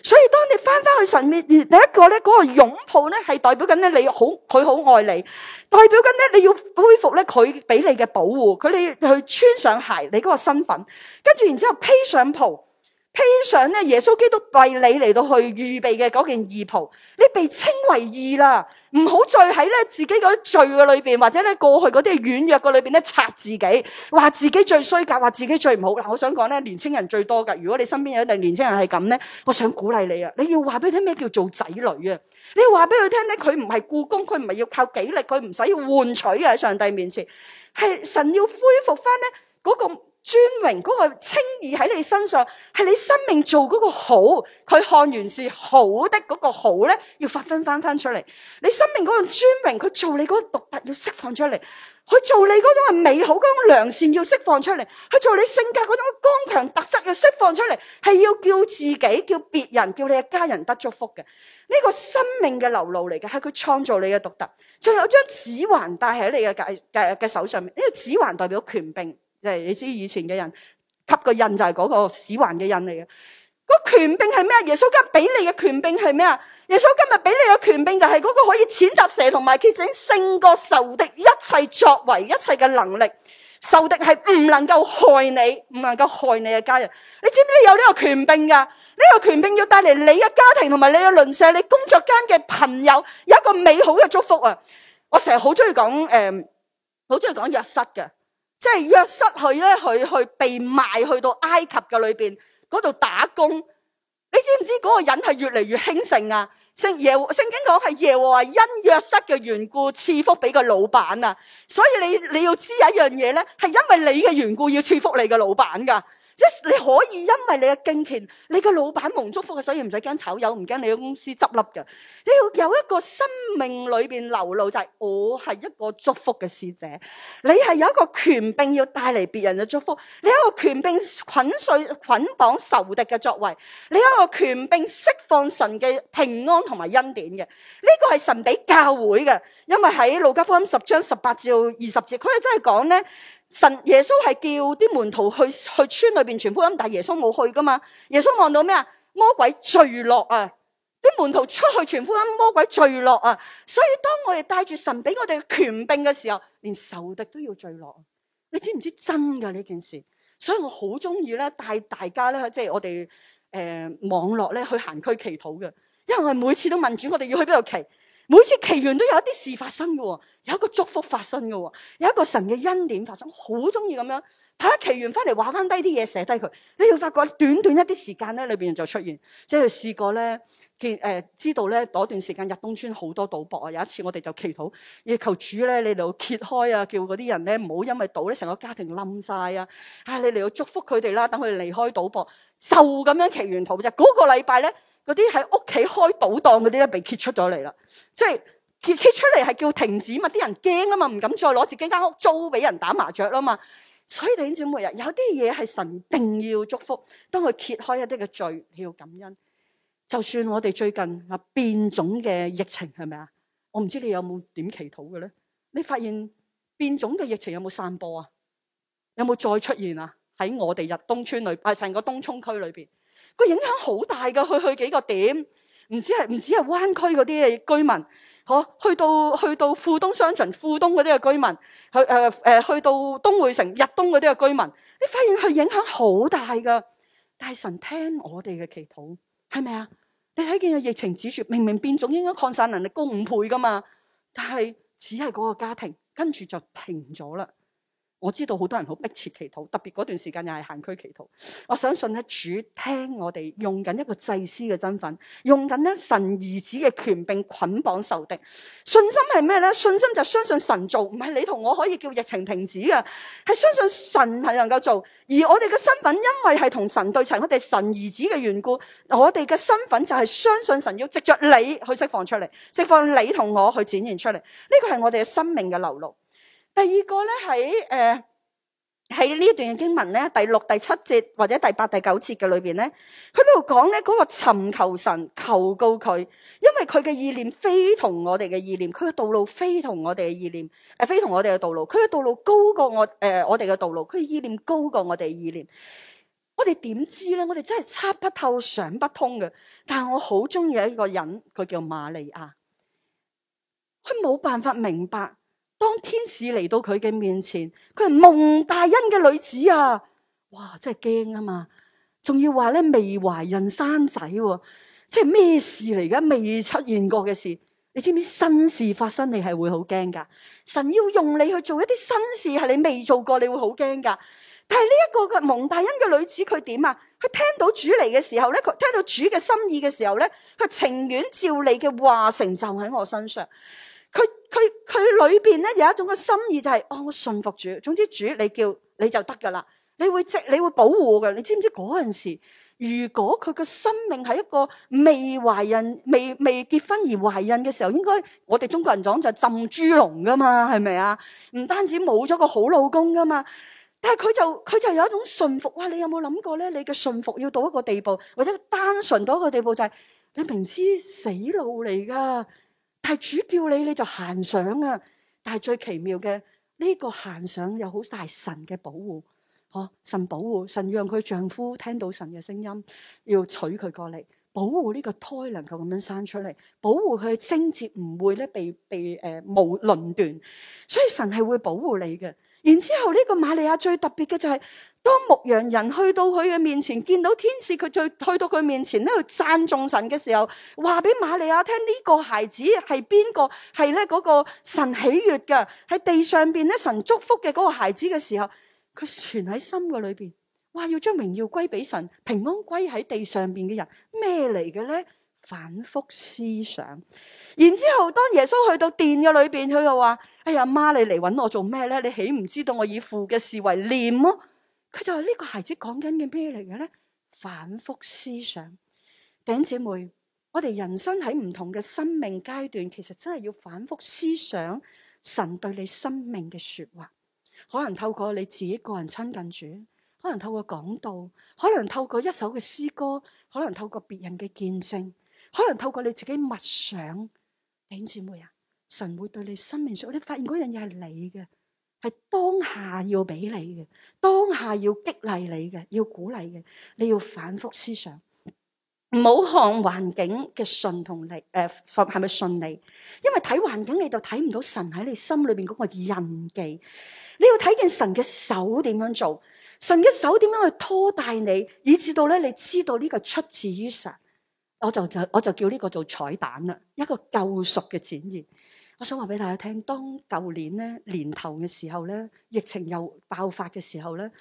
所以當你翻翻去神面，而第一個咧，嗰個擁抱咧，係代表緊咧你好，佢好愛你，代表緊咧你要恢復咧佢俾你嘅保護，佢你去穿上鞋，你嗰個身份，跟住然之後披上袍。披上咧，耶穌基督為你嚟到去預備嘅嗰件義袍，你被稱為義啦，唔好再喺咧自己嗰啲罪嘅裏邊，或者咧過去嗰啲軟弱嘅裏邊咧插自己，話自己最衰格，話自己最唔好。嗱，我想講咧，年青人最多噶。如果你身邊有啲年青人係咁咧，我想鼓勵你啊，你要話俾佢聽咩叫做仔女啊？你話俾佢聽咧，佢唔係僱工，佢唔係要靠己力，佢唔使要換取，喺上帝面前，係神要恢復翻咧嗰個尊榮嗰、那個稱義喺你身上，係你生命做嗰個好，佢看完是好的嗰個好咧，要發分翻翻出嚟。你生命嗰個尊榮，佢做你嗰個獨特要釋放出嚟，佢做你嗰種係美好嗰種良善要釋放出嚟，佢做你性格嗰種剛強特質要釋放出嚟，係要叫自己叫別人叫你嘅家人得祝福嘅。呢、這個生命嘅流露嚟嘅，係佢創造你嘅獨特，仲有將指環戴喺你嘅戒戒嘅手上面，呢個指環代表權柄。即係你知以前嘅人，吸個印就係嗰個屎環嘅印嚟嘅。個權柄係咩？耶穌今俾你嘅權柄係咩啊？耶穌今日俾你嘅權柄就係嗰個可以踐踏蛇同埋蠍子，勝過仇敵一切作為一切嘅能力。仇敵係唔能夠害你，唔能夠害你嘅家人。你知唔知你有呢個權柄噶？呢、呢個權柄要帶嚟你嘅家庭同埋你嘅鄰舍、你工作間嘅朋友有一個美好嘅祝福啊！我成日好中意講，誒、嗯，好中意講約瑟嘅。即係約瑟佢咧，佢去被賣去到埃及嘅裏邊嗰度打工。你知唔知嗰個人係越嚟越興盛啊？聖耶聖經講係耶和華因約瑟嘅緣故賜福俾個老闆啊。所以你你要知有一樣嘢咧，係因為你嘅緣故要賜福你嘅老闆噶。即你可以因為你嘅敬虔，你嘅老闆蒙祝福嘅，所以唔使驚炒魷，唔驚你嘅公司執笠嘅。你要有一個生命裏邊流露就係、是、我係一個祝福嘅使者，你係有一個權柄要帶嚟別人嘅祝福，你有一個權柄捆綁、捆綁仇敵嘅作為，你有一個權柄釋，釋放神嘅平安同埋恩典嘅。呢個係神俾教會嘅，因為喺路加福音十章十八至二十節，佢真係講咧。神耶穌係叫啲門徒去去村裏邊傳福音，但係耶穌冇去噶嘛？耶穌望到咩啊？魔鬼墜落啊！啲門徒出去傳福音，魔鬼墜落啊！所以當我哋帶住神俾我哋嘅權柄嘅時候，連仇敵都要墜落。你知唔知真噶呢件事？所以我好中意咧帶大家咧，即係我哋呃網絡咧去行區祈禱嘅，因為我每次都問主我哋要去邊度祈。每次祈完都有一啲事發生嘅、哦，有一個祝福發生嘅、哦，有一個神嘅恩典發生，好中意咁樣。睇下祈完翻嚟話翻低啲嘢，寫低佢。你要發覺短短一啲時間咧，裏邊就出現。即係試過咧，見誒、呃、知道咧嗰段時間入東村好多賭博啊。有一次我哋就祈禱，要求主咧，你嚟到揭開啊，叫嗰啲人咧唔好因為賭咧成個家庭冧晒啊。啊，你嚟到祝福佢哋啦，等佢哋離開賭博。就咁樣祈完禱就嗰個禮拜咧。嗰啲喺屋企開賭檔嗰啲咧，被揭出咗嚟啦。即係揭揭出嚟係叫停止嘛，啲人驚啊嘛，唔敢再攞自己間屋租俾人打麻雀啦嘛。所以弟兄姊妹啊，有啲嘢係神定要祝福，當佢揭開一啲嘅罪，你要感恩。就算我哋最近啊變種嘅疫情係咪啊？我唔知你有冇點祈禱嘅咧？你發現變種嘅疫情有冇散播啊？有冇再出現啊？喺我哋逸東邨裏，啊成個東涌區裏邊。佢影響好大噶去去幾個點，唔止係唔止係灣區嗰啲嘅居民，嗬、啊，去到去到富東商場、富東嗰啲嘅居民，去誒誒、呃，去到東薈城、日東嗰啲嘅居民，你發現佢影響好大噶。但係神聽我哋嘅祈禱，係咪啊？你睇見個疫情指數明明變種應該擴散能力高五倍噶嘛，但係只係嗰個家庭，跟住就停咗啦。我知道好多人好迫切祈禱，特別嗰段時間又係行區祈禱。我相信咧，主聽我哋用緊一個祭司嘅身份，用緊咧神兒子嘅權，並捆綁仇敵。信心係咩咧？信心就相信神做，唔係你同我可以叫疫情停止嘅，係相信神係能夠做。而我哋嘅身份，因為係同神對齊，我哋神兒子嘅緣故，我哋嘅身份就係相信神要藉着你去釋放出嚟，釋放你同我去展現出嚟。呢個係我哋嘅生命嘅流露。第二個咧喺誒喺呢一、呃、段經文咧第六第七節或者第八第九節嘅裏邊咧，佢喺度講咧嗰個尋求神求告佢，因為佢嘅意念非同我哋嘅意念，佢嘅道路非同我哋嘅意念誒、呃，非同我哋嘅道路，佢嘅道路高過我誒、呃、我哋嘅道路，佢嘅意念高過我哋嘅意念。我哋點知咧？我哋真係察不透、想不通嘅。但係我好中意一個人，佢叫瑪利亞，佢冇辦法明白。當天使嚟到佢嘅面前，佢係蒙大恩嘅女子啊！哇，真係驚啊嘛！仲要話咧未懷孕生仔喎，即係咩事嚟噶？未出現過嘅事，你知唔知新事發生你係會好驚噶？神要用你去做一啲新事，係你未做過，你會好驚噶。但係呢一個嘅蒙大恩嘅女子，佢點啊？佢聽到主嚟嘅時候咧，佢聽到主嘅心意嘅時候咧，佢情願照你嘅話成就喺我身上。佢佢佢裏邊咧有一種嘅心意就係、是，哦，我順服主，總之主你叫你就得噶啦，你會藉你會保護噶，你知唔知嗰陣時？如果佢嘅生命係一個未懷孕、未未結婚而懷孕嘅時候，應該我哋中國人講就浸豬籠噶嘛，係咪啊？唔單止冇咗個好老公噶嘛，但係佢就佢就有一種順服。哇，你有冇諗過咧？你嘅順服要到一個地步，或者單純到一個地步、就是，就係你明知死路嚟噶。係主叫你，你就行上啊！但係最奇妙嘅呢、這個行上有好大神嘅保護，嗬、哦！神保護，神讓佢丈夫聽到神嘅聲音，要娶佢過嚟，保護呢個胎能夠咁樣生出嚟，保護佢嘅貞節唔會咧被被誒、呃、冇論斷，所以神係會保護你嘅。然之後呢個瑪利亞最特別嘅就係，當牧羊人去到佢嘅面前，見到天使佢最去到佢面前咧，讚頌神嘅時候，話俾瑪利亞聽呢，呢個孩子係邊個，係咧嗰個神喜悅嘅，喺地上邊咧神祝福嘅嗰個孩子嘅時候，佢存喺心嘅裏邊，話，要將榮耀歸俾神，平安歸喺地上邊嘅人，咩嚟嘅咧？反覆思想，然之後當耶穌去到殿嘅裏邊，佢又話，哎呀媽，你嚟揾我做咩咧？你豈唔知道我以父嘅事爲念麼、啊？佢就話呢、這個孩子講緊嘅咩嚟嘅咧？反覆思想，頂姐妹，我哋人生喺唔同嘅生命階段，其實真係要反覆思想神對你生命嘅說話。可能透過你自己個人親近主，可能透過講道，可能透過一首嘅詩歌，可能透過別人嘅見證。可能透過你自己默想，弟兄姊妹啊，神會對你生命上，你發現嗰樣嘢係你嘅，係當下要俾你嘅，當下要激勵你嘅，要鼓勵嘅，你要反覆思想，唔好看環境嘅順同力，誒、呃，係咪順利？因為睇環境你就睇唔到神喺你心裏邊嗰個印記，你要睇見神嘅手點樣做，神嘅手點樣去拖大你，以至到咧，你知道呢個出自於神。我就就我就叫呢個做彩蛋啦，一個救贖嘅展現。我想話俾大家聽，當舊年咧年頭嘅時候咧，疫情又爆發嘅時候咧，誒、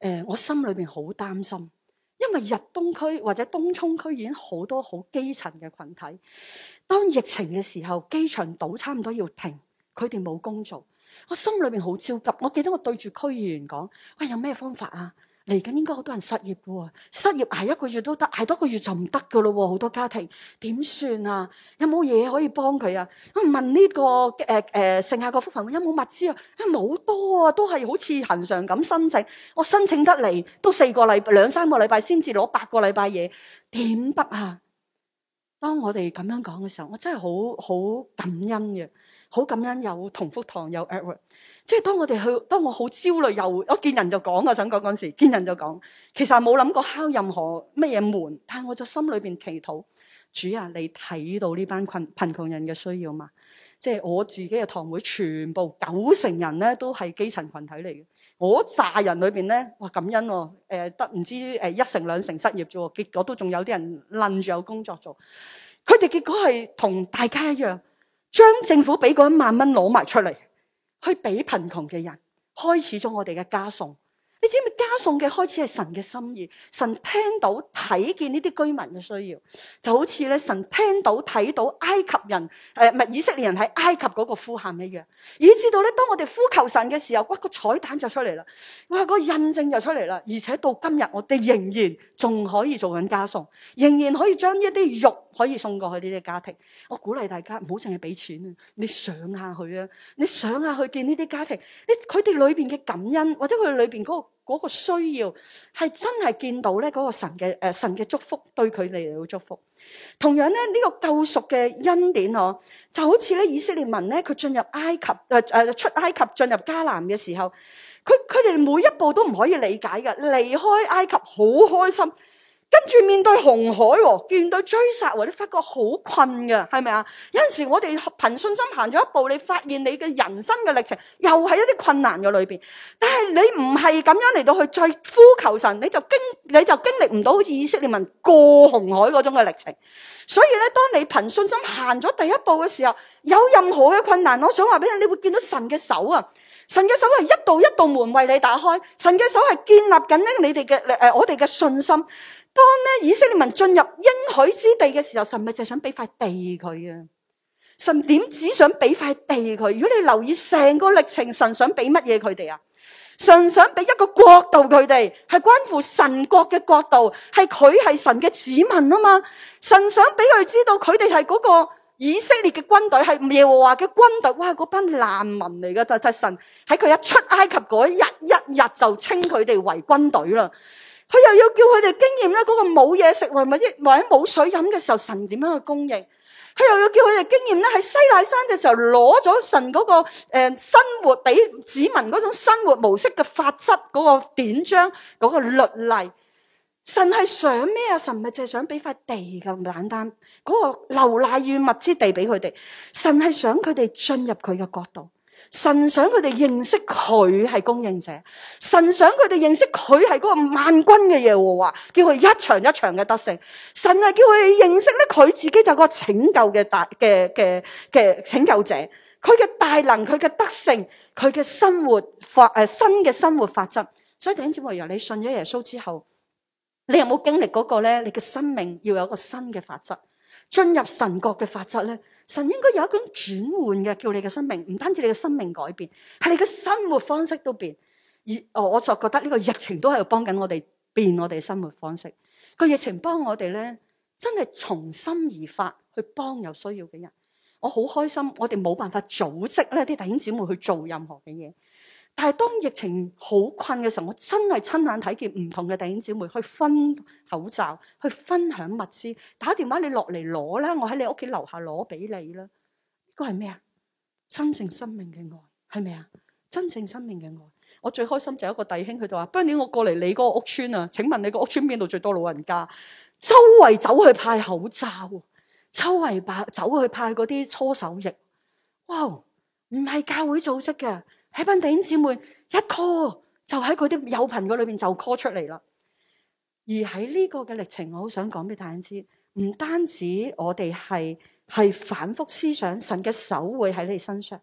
呃，我心裏邊好擔心，因為入東區或者東涌區已經好多好基層嘅群體，當疫情嘅時候，機場都差唔多要停，佢哋冇工做，我心裏邊好焦急。我記得我對住區議員講，喂，有咩方法啊？嚟緊應該好多人失業嘅喎、哦，失業捱一個月都得，捱多個月就唔得嘅咯喎，好多家庭點算啊？有冇嘢可以幫佢啊？咁問呢、這個誒誒，剩、呃呃、下個福朋有冇物資啊？冇、哎、多啊，都係好似恆常咁申請，我申請得嚟都四個禮拜兩三個禮拜先至攞八個禮拜嘢，點得啊？當我哋咁樣講嘅時候，我真係好好感恩嘅。好感恩有同福堂有 Edward，即係當我哋去，當我好焦慮，又我見人就講啊，我想講嗰陣時見人就講，其實冇諗過敲任何乜嘢門，但係我就心裏邊祈禱主啊，你睇到呢班困貧窮人嘅需要嘛？即係我自己嘅堂會全部九成人咧都係基層群體嚟嘅，我紮人裏邊咧哇，感恩喎、哦，誒、呃、得唔知誒、呃、一成兩成失業啫，結果都仲有啲人攣住有工作做，佢哋結果係同大家一樣。將政府俾一萬蚊攞埋出嚟，去俾貧窮嘅人，開始咗我哋嘅家送。你知唔知？送嘅開始係神嘅心意，神聽到睇見呢啲居民嘅需要，就好似咧神聽到睇到埃及人誒，唔、呃、唔係以色列人喺埃及嗰個呼喊一樣，以至到咧當我哋呼求神嘅時候，哇、那個彩蛋就出嚟啦，哇、那個印證就出嚟啦，而且到今日我哋仍然仲可以做緊家送，仍然可以將一啲肉可以送過去呢啲家庭。我鼓勵大家唔好淨係俾錢想想想啊，你想下佢啊，你想下去見呢啲家庭，你佢哋裏邊嘅感恩或者佢裏邊嗰、那個。嗰個需要係真係見到咧，嗰個神嘅誒、呃、神嘅祝福對佢哋嚟到祝福。同樣咧，呢、這個救贖嘅恩典呵、啊，就好似咧以色列民咧，佢進入埃及誒誒、呃、出埃及進入迦南嘅時候，佢佢哋每一步都唔可以理解嘅，離開埃及好開心。跟住面對紅海喎，面對追殺喎，你發覺好困㗎，係咪啊？有陣時我哋憑信心行咗一步，你發現你嘅人生嘅歷程又係一啲困難嘅裏邊。但係你唔係咁樣嚟到去再呼求神，你就經你就經歷唔到好似以色列民過紅海嗰種嘅歷程。所以咧，當你憑信心行咗第一步嘅時候，有任何嘅困難，我想話俾你，你會見到神嘅手啊！神嘅手係一道一道門為你打開，神嘅手係建立緊咧你哋嘅誒我哋嘅信心。當咧以色列民進入應許之地嘅時候，神咪就係想俾塊地佢啊？神點只想俾塊地佢？如果你留意成個歷程，神想俾乜嘢佢哋啊？神想俾一個國度佢哋，係關乎神國嘅國度，係佢係神嘅子民啊嘛！神想俾佢知道，佢哋係嗰個以色列嘅軍隊，係耶和華嘅軍隊。哇，嗰班難民嚟嘅！特特神喺佢一出埃及嗰日，一日就稱佢哋為軍隊啦。佢又要叫佢哋經驗咧，嗰、那個冇嘢食物，或唔係或者冇水飲嘅時候，神點樣去供應？佢又要叫佢哋經驗咧，喺西奈山嘅時候攞咗神嗰、那個誒、呃、生活俾子民嗰種生活模式嘅法則嗰、那個典章嗰、那個律例。神係想咩啊？神咪係就係想俾塊地咁簡單，嗰、那個流奶與蜜之地俾佢哋。神係想佢哋進入佢嘅國度。神想佢哋認識佢係供應者，神想佢哋認識佢係嗰個萬軍嘅耶和華，叫佢一場一場嘅得勝。神係叫佢認識咧，佢自己就個拯救嘅大嘅嘅嘅拯救者，佢嘅大能，佢嘅德性，佢嘅生、啊、生活法誒新嘅生活法則。所以弟兄姊妹，由你信咗耶穌之後，你有冇經歷嗰個咧？你嘅生命要有一個新嘅法則。進入神國嘅法則咧，神應該有一種轉換嘅，叫你嘅生命唔單止你嘅生命改變，係你嘅生活方式都變。而我就覺得呢個疫情都喺度幫緊我哋變我哋生活方式。個疫情幫我哋咧，真係從心而發去幫有需要嘅人。我好開心，我哋冇辦法組織呢啲弟兄姊妹去做任何嘅嘢。但係當疫情好困嘅時候，我真係親眼睇見唔同嘅弟兄姊妹去分口罩，去分享物資，打電話你落嚟攞啦，我喺你屋企樓下攞俾你啦。呢個係咩啊？真正生命嘅愛係咪啊？真正生命嘅愛，我最開心就有一個弟兄佢就話：嗰年我過嚟你嗰個屋村啊，請問你個屋村邊度最多老人家？周圍走去派口罩，周圍走去派嗰啲搓手液。哇，唔係教會組織嘅。喺班弟兄姊妹一 call 就喺佢啲有貧嘅裏邊就 call 出嚟啦。而喺呢個嘅歷程，我好想講俾大家知，唔單止我哋係係反復思想，神嘅手會喺你哋身上。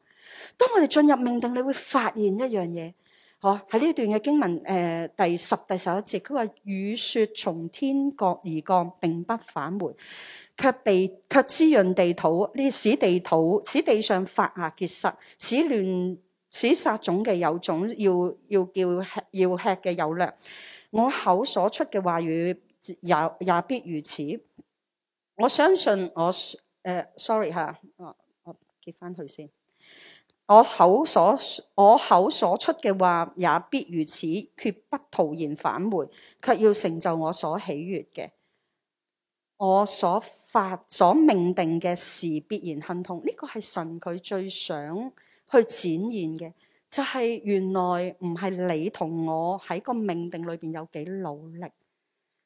當我哋進入命定，你會發現一樣嘢，嗬喺呢一段嘅經文，誒第十第十一節，佢話雨雪從天角而降，並不返回，卻被卻滋潤地土，呢使地土使地上發芽結實，使亂。此撒種嘅有種，要要叫要吃嘅有糧。我口所出嘅話語，有也，也必如此。我相信我誒、呃、，sorry 吓，哦，我接返去先。我口所我口所出嘅話也必如此，決不徒然返回，卻要成就我所喜悅嘅，我所發所命定嘅事，必然亨通。呢、這個係神佢最想。去展現嘅就係、是，原來唔係你同我喺個命定裏邊有幾努力，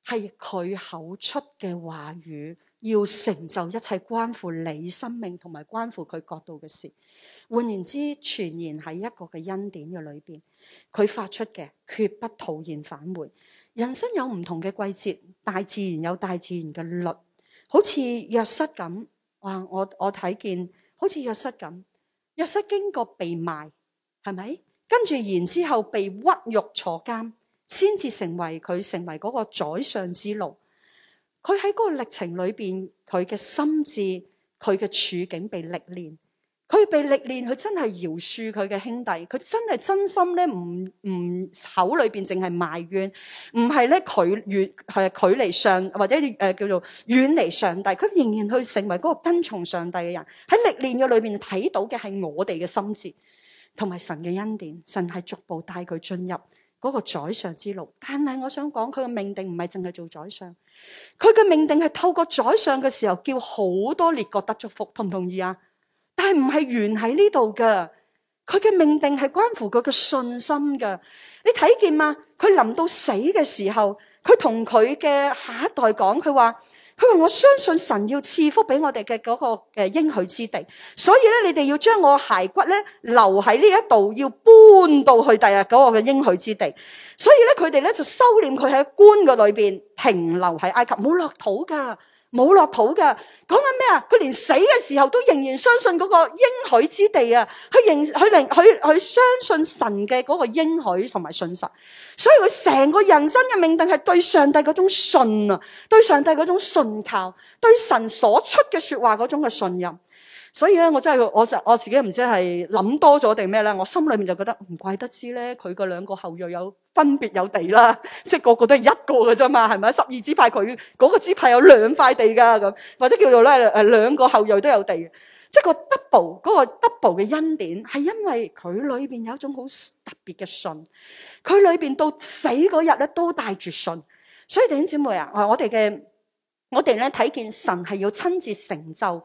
係佢口出嘅話語要成就一切關乎你生命同埋關乎佢角度嘅事。換言之，全然喺一個嘅恩典嘅裏邊，佢發出嘅絕不徒然返回。人生有唔同嘅季節，大自然有大自然嘅律，好似約實咁。啊，我我睇見好似約實咁。約瑟經過被賣，係咪？跟住然之後被屈辱坐監，先至成為佢成為嗰個宰相之路。佢喺嗰個歷程裏邊，佢嘅心智、佢嘅處境被歷練。佢被歷練，佢真係饒恕佢嘅兄弟，佢真係真心咧，唔唔口裏邊淨係埋怨，唔係咧佢遠係佢離上或者誒、呃、叫做遠離上帝，佢仍然去成為嗰個跟從上帝嘅人。喺歷練嘅裏邊睇到嘅係我哋嘅心志，同埋神嘅恩典，神係逐步帶佢進入嗰個宰相之路。但係我想講，佢嘅命定唔係淨係做宰相，佢嘅命定係透過宰相嘅時候叫好多列國得祝福，同唔同意啊？但係唔係緣喺呢度嘅，佢嘅命定係關乎佢嘅信心嘅。你睇見嘛？佢臨到死嘅時候，佢同佢嘅下一代講，佢話佢話我相信神要賜福俾我哋嘅嗰個嘅應許之地，所以咧你哋要將我嘅骸骨咧留喺呢一度，要搬到去第日嗰個嘅應許之地。所以咧佢哋咧就收殮佢喺棺嘅裏邊停留喺埃及，冇落土噶。冇落土嘅，講緊咩啊？佢連死嘅時候都仍然相信嗰個應許之地啊！佢仍佢靈佢佢相信神嘅嗰個應許同埋信實，所以佢成個人生嘅命定係對上帝嗰種信啊，對上帝嗰種信靠，對神所出嘅說話嗰種嘅信任。所以咧，我真係我實我自己唔知係諗多咗定咩咧，我心裏面就覺得唔怪得知咧，佢個兩個後裔有分別有地啦，即係個個都係一個嘅咋嘛，係咪？十二支派佢嗰、個支派有兩塊地噶咁，或者叫做咧誒、呃、兩個後裔都有地，即係個 double 嗰個 double 嘅恩典係因為佢裏邊有一種好特別嘅信，佢裏邊到死嗰日咧都帶住信，所以弟兄姐妹啊，我哋嘅我哋咧睇見神係要親自成就。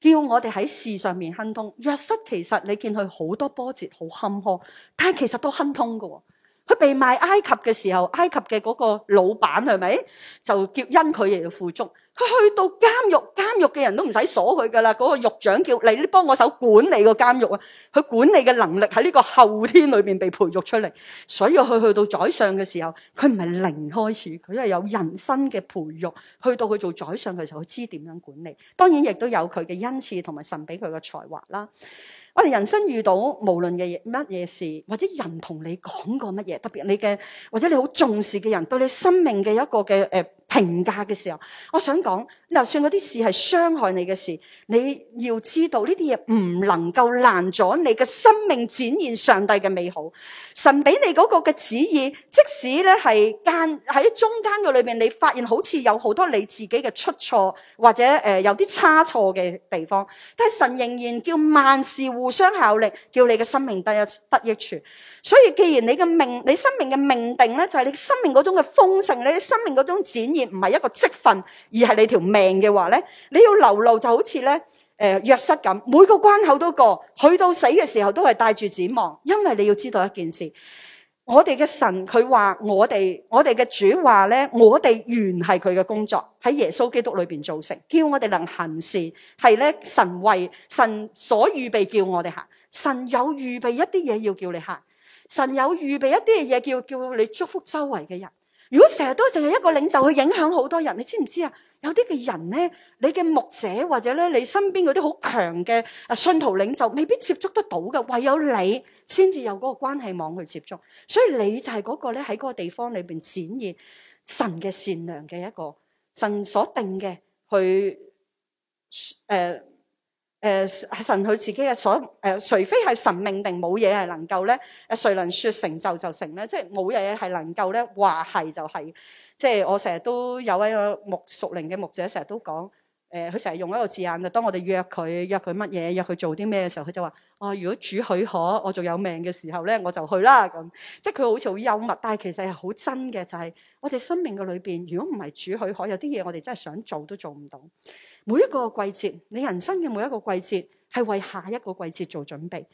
叫我哋喺事上面亨通，約瑟其實你見佢好多波折，好坎坷，但係其實都亨通嘅。佢被賣埃及嘅時候，埃及嘅嗰個老闆係咪就叫因佢而富足？佢去到監獄，監獄嘅人都唔使鎖佢㗎喇，嗰個獄長叫你，你幫我手管理個監獄啊。佢管理嘅能力喺呢個後天裏邊被培育出嚟，所以佢去到宰相嘅時候，佢唔係零開始，佢係有人生嘅培育，去到佢做宰相嘅時候，佢知點樣管理。當然亦都有佢嘅恩賜同埋神俾佢嘅才華啦。我哋人生遇到無論嘅乜嘢事，或者人同你講過乜嘢，特別你嘅或者你好重視嘅人對你生命嘅一個嘅誒，評價嘅時候，我想講，就算啲事係傷害你嘅事，你要知道呢啲嘢唔能夠攔阻你嘅生命展現上帝嘅美好。神俾你個嘅旨意，即使咧係間喺中間嘅裏邊，你發現好似有好多你自己嘅出錯或者誒、呃、有啲差錯嘅地方，但係神仍然叫萬事互相效力，叫你嘅生命得益得益處。所以既然你嘅命，你生命嘅命定咧就係你生命種嘅豐盛，你生命種展現。唔係一個職份，而係你條命嘅話咧，你要流露就好似咧，誒、呃，約瑟咁，每個關口都過，去到死嘅時候都係帶住展望。因為你要知道一件事，我哋嘅神佢話我哋，我哋嘅主話咧，我哋原係佢嘅工作喺耶穌基督裏邊造成，叫我哋能行善係咧，神為神所預備叫我哋行。神有預備一啲嘢，要叫你行，神有預備一啲嘢叫你，叫你祝福周圍嘅人。如果成日都淨係一個領袖去影響好多人，你知唔知啊？有啲嘅人咧，你嘅牧者或者咧，你身邊嗰啲好強嘅啊信徒領袖，未必接觸得到嘅，唯有你先至有嗰個關係網去接觸。所以你就係嗰個咧，喺嗰個地方裏邊展現神嘅善良嘅一個神所定嘅去誒。呃誒、呃，神佢自己嘅所，誒、呃，除非係神命定，冇嘢係能夠咧，誒，誰能說成就就成咧？即係冇嘢係能夠咧，話係就係、是。即係我成日都有位熟靈嘅牧者，成日都講。誒，佢成日用一個字眼嘅，當我哋約佢，約佢乜嘢，約佢做啲咩嘅時候，佢就話，哦，如果主許可，我仲有命嘅時候咧，我就去啦。咁，即係佢好似好幽默，但係其實係好真嘅。就係、是、我哋生命嘅裏邊，如果唔係主許可，有啲嘢我哋真係想做都做唔到。每一個季節，你人生嘅每一個季節，係為下一個季節做準備。誒、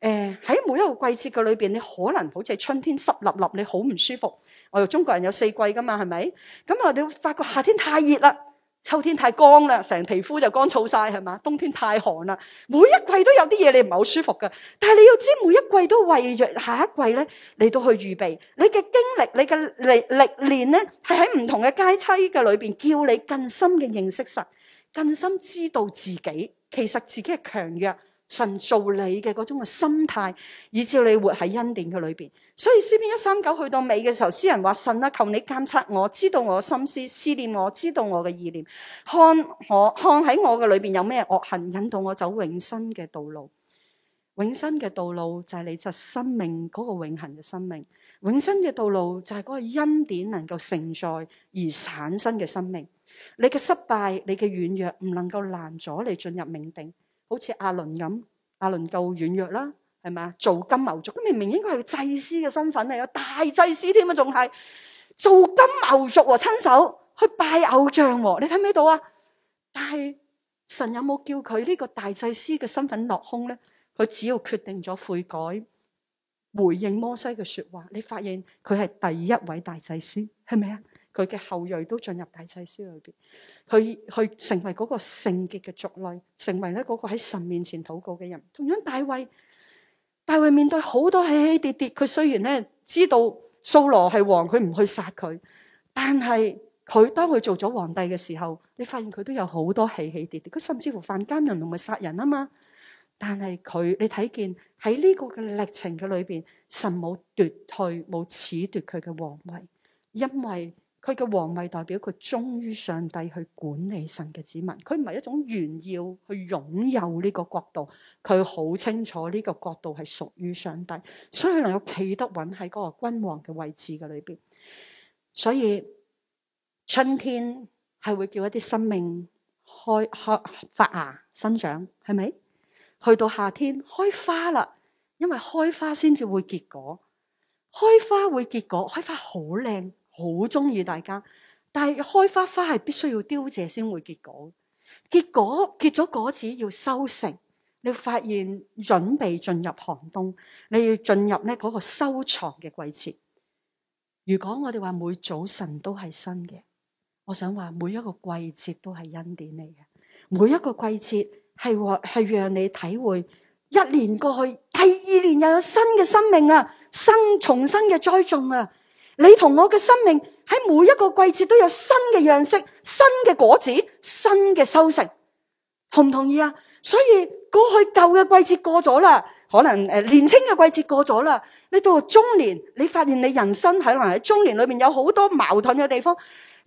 呃，喺每一個季節嘅裏邊，你可能好似春天濕立立，你好唔舒服。我哋中國人有四季噶嘛，係咪？咁我哋發覺夏天太熱啦。秋天太乾啦，成皮膚就乾燥晒，係嘛？冬天太寒啦，每一季都有啲嘢你唔係好舒服嘅。但係你要知每一季都為著下一季咧你都去預備，你嘅經歷、你嘅歷歷練咧，係喺唔同嘅階梯嘅裏邊，叫你更深嘅認識神，更深知道自己其實自己係強弱。神造你嘅嗰種嘅心態，以致你活喺恩典嘅裏邊。所以詩篇一三九去到尾嘅時候，詩人話：神啦、啊，求你監察我知道我心思思念我知道我嘅意念，看,看,看我看喺我嘅裏邊有咩惡行引導我走永生嘅道路。永生嘅道路就係你就生命嗰、那個永恒嘅生命。永生嘅道路就係嗰個恩典能夠承載而產生嘅生命。你嘅失敗，你嘅軟弱，唔能夠難阻你進入命定。好似阿倫咁，阿倫夠軟弱啦，係咪啊？做金牛族，咁明明應該係祭司嘅身份啊，係有大祭司添啊，仲係做金牛族，親手去拜偶像，你睇唔睇到啊？但係神有冇叫佢呢個大祭司嘅身份落空咧？佢只要決定咗悔改，回應摩西嘅說話，你發現佢係第一位大祭司，係咪啊？佢嘅後裔都進入大祭司裏邊，佢佢成為嗰個聖潔嘅族類，成為咧嗰個喺神面前禱告嘅人。同樣大衛，大衛面對好多起起跌跌，佢雖然咧知道掃羅係王，佢唔去殺佢，但係佢當佢做咗皇帝嘅時候，你發現佢都有好多起起跌跌。佢甚至乎犯奸淫同埋殺人啊嘛。但係佢，你睇見喺呢個嘅歷程嘅裏邊，神冇奪退冇褫奪佢嘅皇位，因為，佢嘅皇位代表佢忠於上帝去管理神嘅子民，佢唔係一種炫耀，去擁有呢個國度，佢好清楚呢個國度係屬於上帝，所以佢能夠企得穩喺嗰個君王嘅位置嘅裏邊。所以春天係會叫一啲生命開開，開發芽生長，係咪？去到夏天開花啦，因為開花先至會結果，開花會結果，開花好靚。好中意大家，但係開花花，係必須要凋謝先會結果，結果結咗果，果子要收成，你發現準備進入寒冬，你要進入咧嗰個收藏嘅季節。如果我哋話每早晨都係新嘅，我想話每一個季節都係恩典嚟嘅，每一個季節係話係讓你體會一年過去，第二年又有新嘅生命啊，新重新嘅栽種啊。你同我嘅生命喺每一個季節都有新嘅樣式、新嘅果子、新嘅收成，同唔同意啊？所以過去舊嘅季節過咗啦，可能誒年青嘅季節過咗啦，你到中年，你發現你人生喺可能喺中年裏面有好多矛盾嘅地方，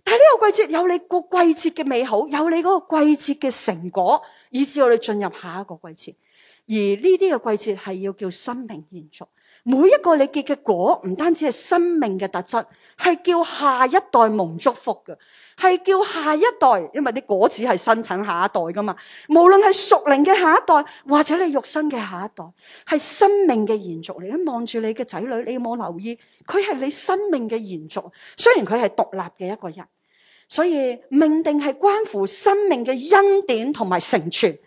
但係呢個季節有你個季節嘅美好，有你嗰個季節嘅成果，以至我哋進入下一個季節。而呢啲嘅季節係要叫生命延續。每一個你結嘅果，唔單止係生命嘅特質，係叫下一代蒙祝福嘅，係叫下一代，因為啲果子係生產下一代噶嘛。無論係屬靈嘅下一代，或者你肉身嘅下一代，係生命嘅延續嚟。咁望住你嘅仔女，你有冇留意？佢係你生命嘅延續，雖然佢係獨立嘅一個人。所以命定係關乎生命嘅恩典同埋成全。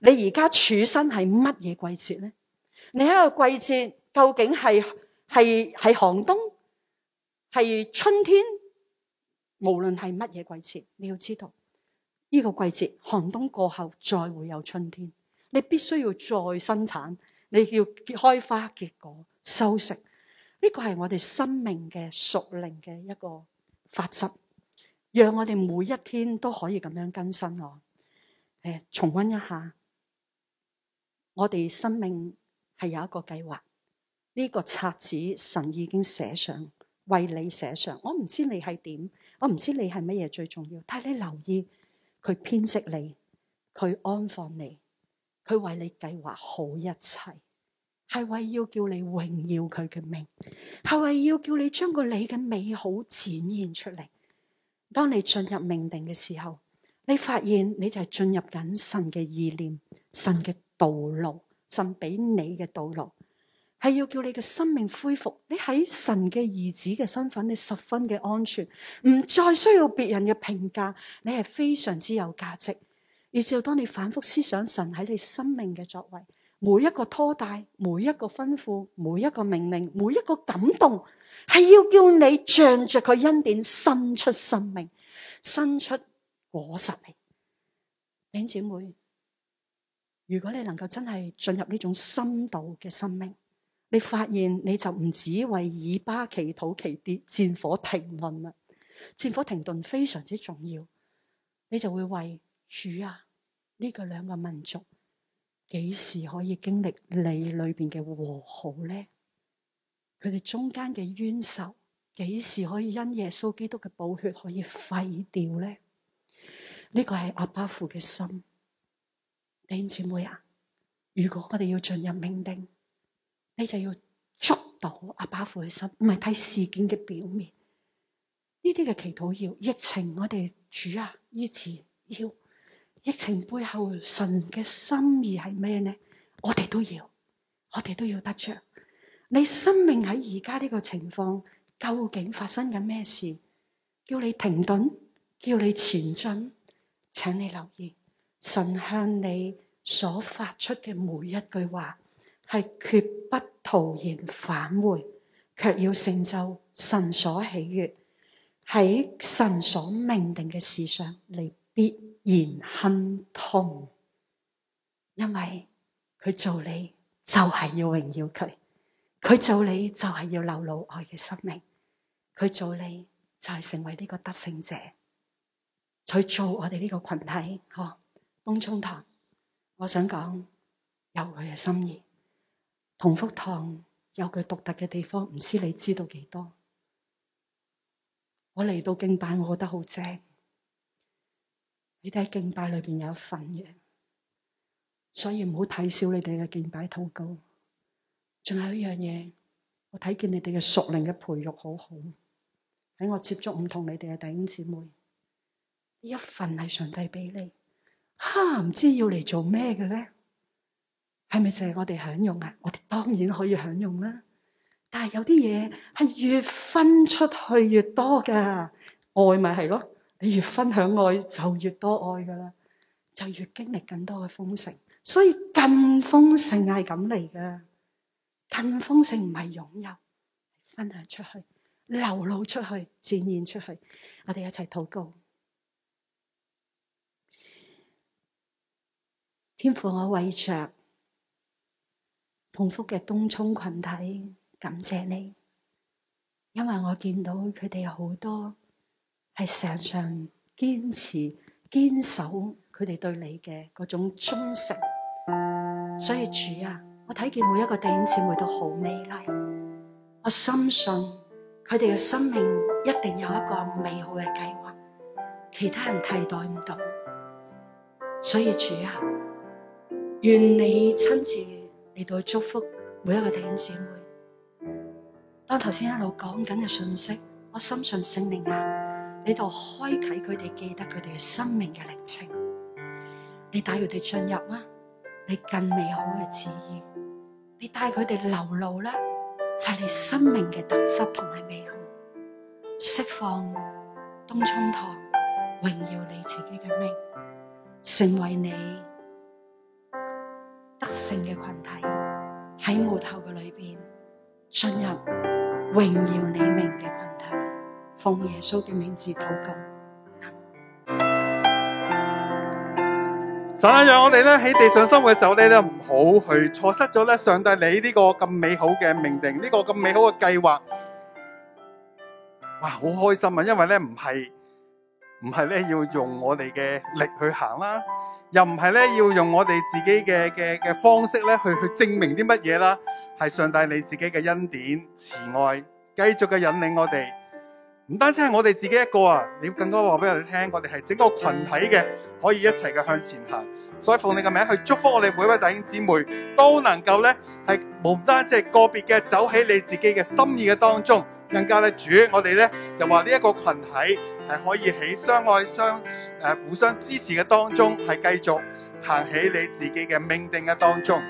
你而家處身係乜嘢季節呢？你喺個季節。究竟係係係寒冬，係春天，無論係乜嘢季節，你要知道呢個季節寒冬過後再會有春天。你必須要再生產，你要開花結果，收成。呢個係我哋生命嘅屬靈嘅一個法則，讓我哋每一天都可以咁樣更新我。誒、哦，重溫一下，我哋生命係有一個計劃。呢個冊子神已經寫上，為你寫上。我唔知你係點，我唔知你係乜嘢最重要。但係你留意，佢編織你，佢安放你，佢為你計劃好一切，係為要叫你榮耀佢嘅命，係為要叫你將個你嘅美好展現出嚟。當你進入命定嘅時候，你發現你就係進入緊神嘅意念，神嘅道路，神俾你嘅道路。係要叫你嘅生命恢復，你喺神嘅兒子嘅身份，你十分嘅安全，唔再需要別人嘅評價，你係非常之有價值。而就當你反覆思想神喺你生命嘅作為，每一個拖帶，每一個吩咐，每一個命令，每一個感動，係要叫你仗着佢恩典，生出生命，生出果實嚟。弟兄姊妹，如果你能夠真係進入呢種深度嘅生命。你發現你就唔止為以巴祈禱其跌戰火停頓啦，戰火停頓非常之重要，你就會為主啊呢個兩個民族幾時可以經歷你裏邊嘅和好呢？佢哋中間嘅冤仇幾時可以因耶穌基督嘅寶血可以廢掉呢？呢、這個係阿巴父嘅心，弟兄姊妹啊，如果我哋要進入命定。你就要捉到阿爸父嘅心，唔係睇事件嘅表面。呢啲嘅祈禱要疫情，我哋主啊，依字要疫情背後神嘅心意係咩咧？我哋都要，我哋都要得着。你生命喺而家呢個情況，究竟發生緊咩事？叫你停頓，叫你前進，請你留意神向你所發出嘅每一句話。係決不徒然返回，卻要成就神所喜悅。同福堂有佢獨特嘅地方，唔知你知道幾多？我嚟到敬拜，我覺得好正。你哋喺敬拜裏面有一份嘅，所以唔好睇小你哋嘅敬拜禱告。仲有一樣嘢，我睇見你哋嘅屬靈嘅培育好好。喺我接觸唔同你哋嘅弟兄姐妹，一份係上帝俾你，哈，唔知要嚟做咩嘅呢？係咪就係我哋享用啊？我哋當然可以享用啦。但係有啲嘢係越分出去越多噶，愛咪係咯？你越分享愛就越多愛噶啦，就越經歷更多嘅豐盛。所以更豐盛係咁嚟噶，更豐盛唔係擁有，分享出去、流露出去、展現出去。我哋一齊禱告，天父，我為著。同福嘅東涌群體，感謝你，因為我見到佢哋有好多係常常堅持、堅守佢哋對你嘅嗰種忠誠，所以主啊，我睇見每一個弟兄姊妹都好美麗，我深信佢哋嘅生命一定有一個美好嘅計劃，其他人替代唔到，所以主啊，願你親自。你到祝福每一個弟兄姊妹。當頭先一路講緊嘅信息，我深信聖靈啊，你就開啟佢哋記得佢哋嘅生命嘅歷程。你帶佢哋進入啦，你更美好嘅旨意。你帶佢哋流露啦，就係你生命嘅特質同埋美好。釋放東涌堂榮耀你自己嘅命，成為你。德性嘅群體喺無頭嘅裏邊，進入榮耀你名嘅群體，奉耶穌嘅名字禱告。所以咧，我哋咧喺地上生活嘅時候咧，咧唔好去錯失咗咧上帝你呢個咁美好嘅命定，呢、這個咁美好嘅計劃。哇，好開心啊！因為咧唔係。唔係咧要用我哋嘅力去行啦，又唔係咧要用我哋自己嘅嘅嘅方式咧去去證明啲乜嘢啦，係上帝你自己嘅恩典慈愛，繼續嘅引領我哋。唔單止係我哋自己一個啊，你要更加話俾我哋聽，我哋係整個群體嘅，可以一齊嘅向前行。所以奉你嘅名去祝福我哋每位弟兄姊妹都能夠咧係冇唔單止係個別嘅走喺你自己嘅心意嘅當中，更加咧主，我哋咧就話呢一個群體。係可以喺相愛相誒、互相支持嘅當中，係繼續行喺你自己嘅命定嘅當中。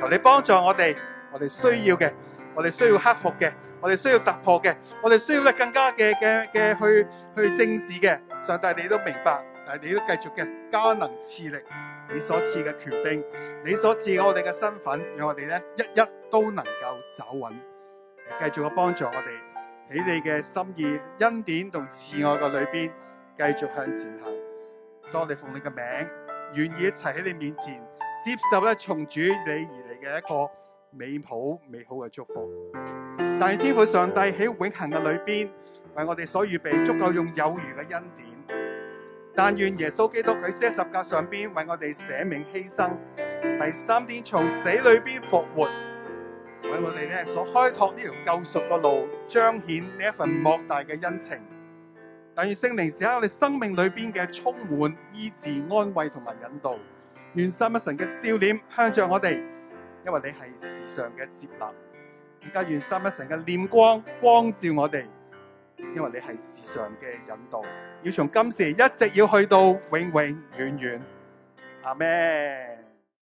求你幫助我哋，我哋需要嘅，我哋需要克服嘅，我哋需要突破嘅，我哋需要咧更加嘅嘅嘅去去正視嘅。上帝，你都明白，但係你都繼續嘅加能賜力，你所賜嘅權柄，你所賜我哋嘅身份，讓我哋咧一一都能夠走穩，繼續嘅幫助我哋，喺你嘅心意、恩典同慈愛嘅裏邊，繼續向前行。所以我哋奉你嘅名，願意一齊喺你面前接受咧，從主你而嚟嘅一個美好美好嘅祝福。但願天父上帝喺永恆嘅裏邊，為我哋所預備足夠用有餘嘅恩典。但願耶穌基督喺十字架上邊為我哋捨命犧牲。第三點，從死裏邊復活。為我哋咧所開拓呢條救贖嘅路，彰顯呢一份莫大嘅恩情。但願聖靈時刻，我哋生命裏邊嘅充滿醫治安慰同埋引導。願三一神嘅笑臉向着我哋，因為你係時常嘅接納，而願三一神嘅臉光光照我哋，因為你係時常嘅引導。要從今時一直要去到永永遠遠。阿們。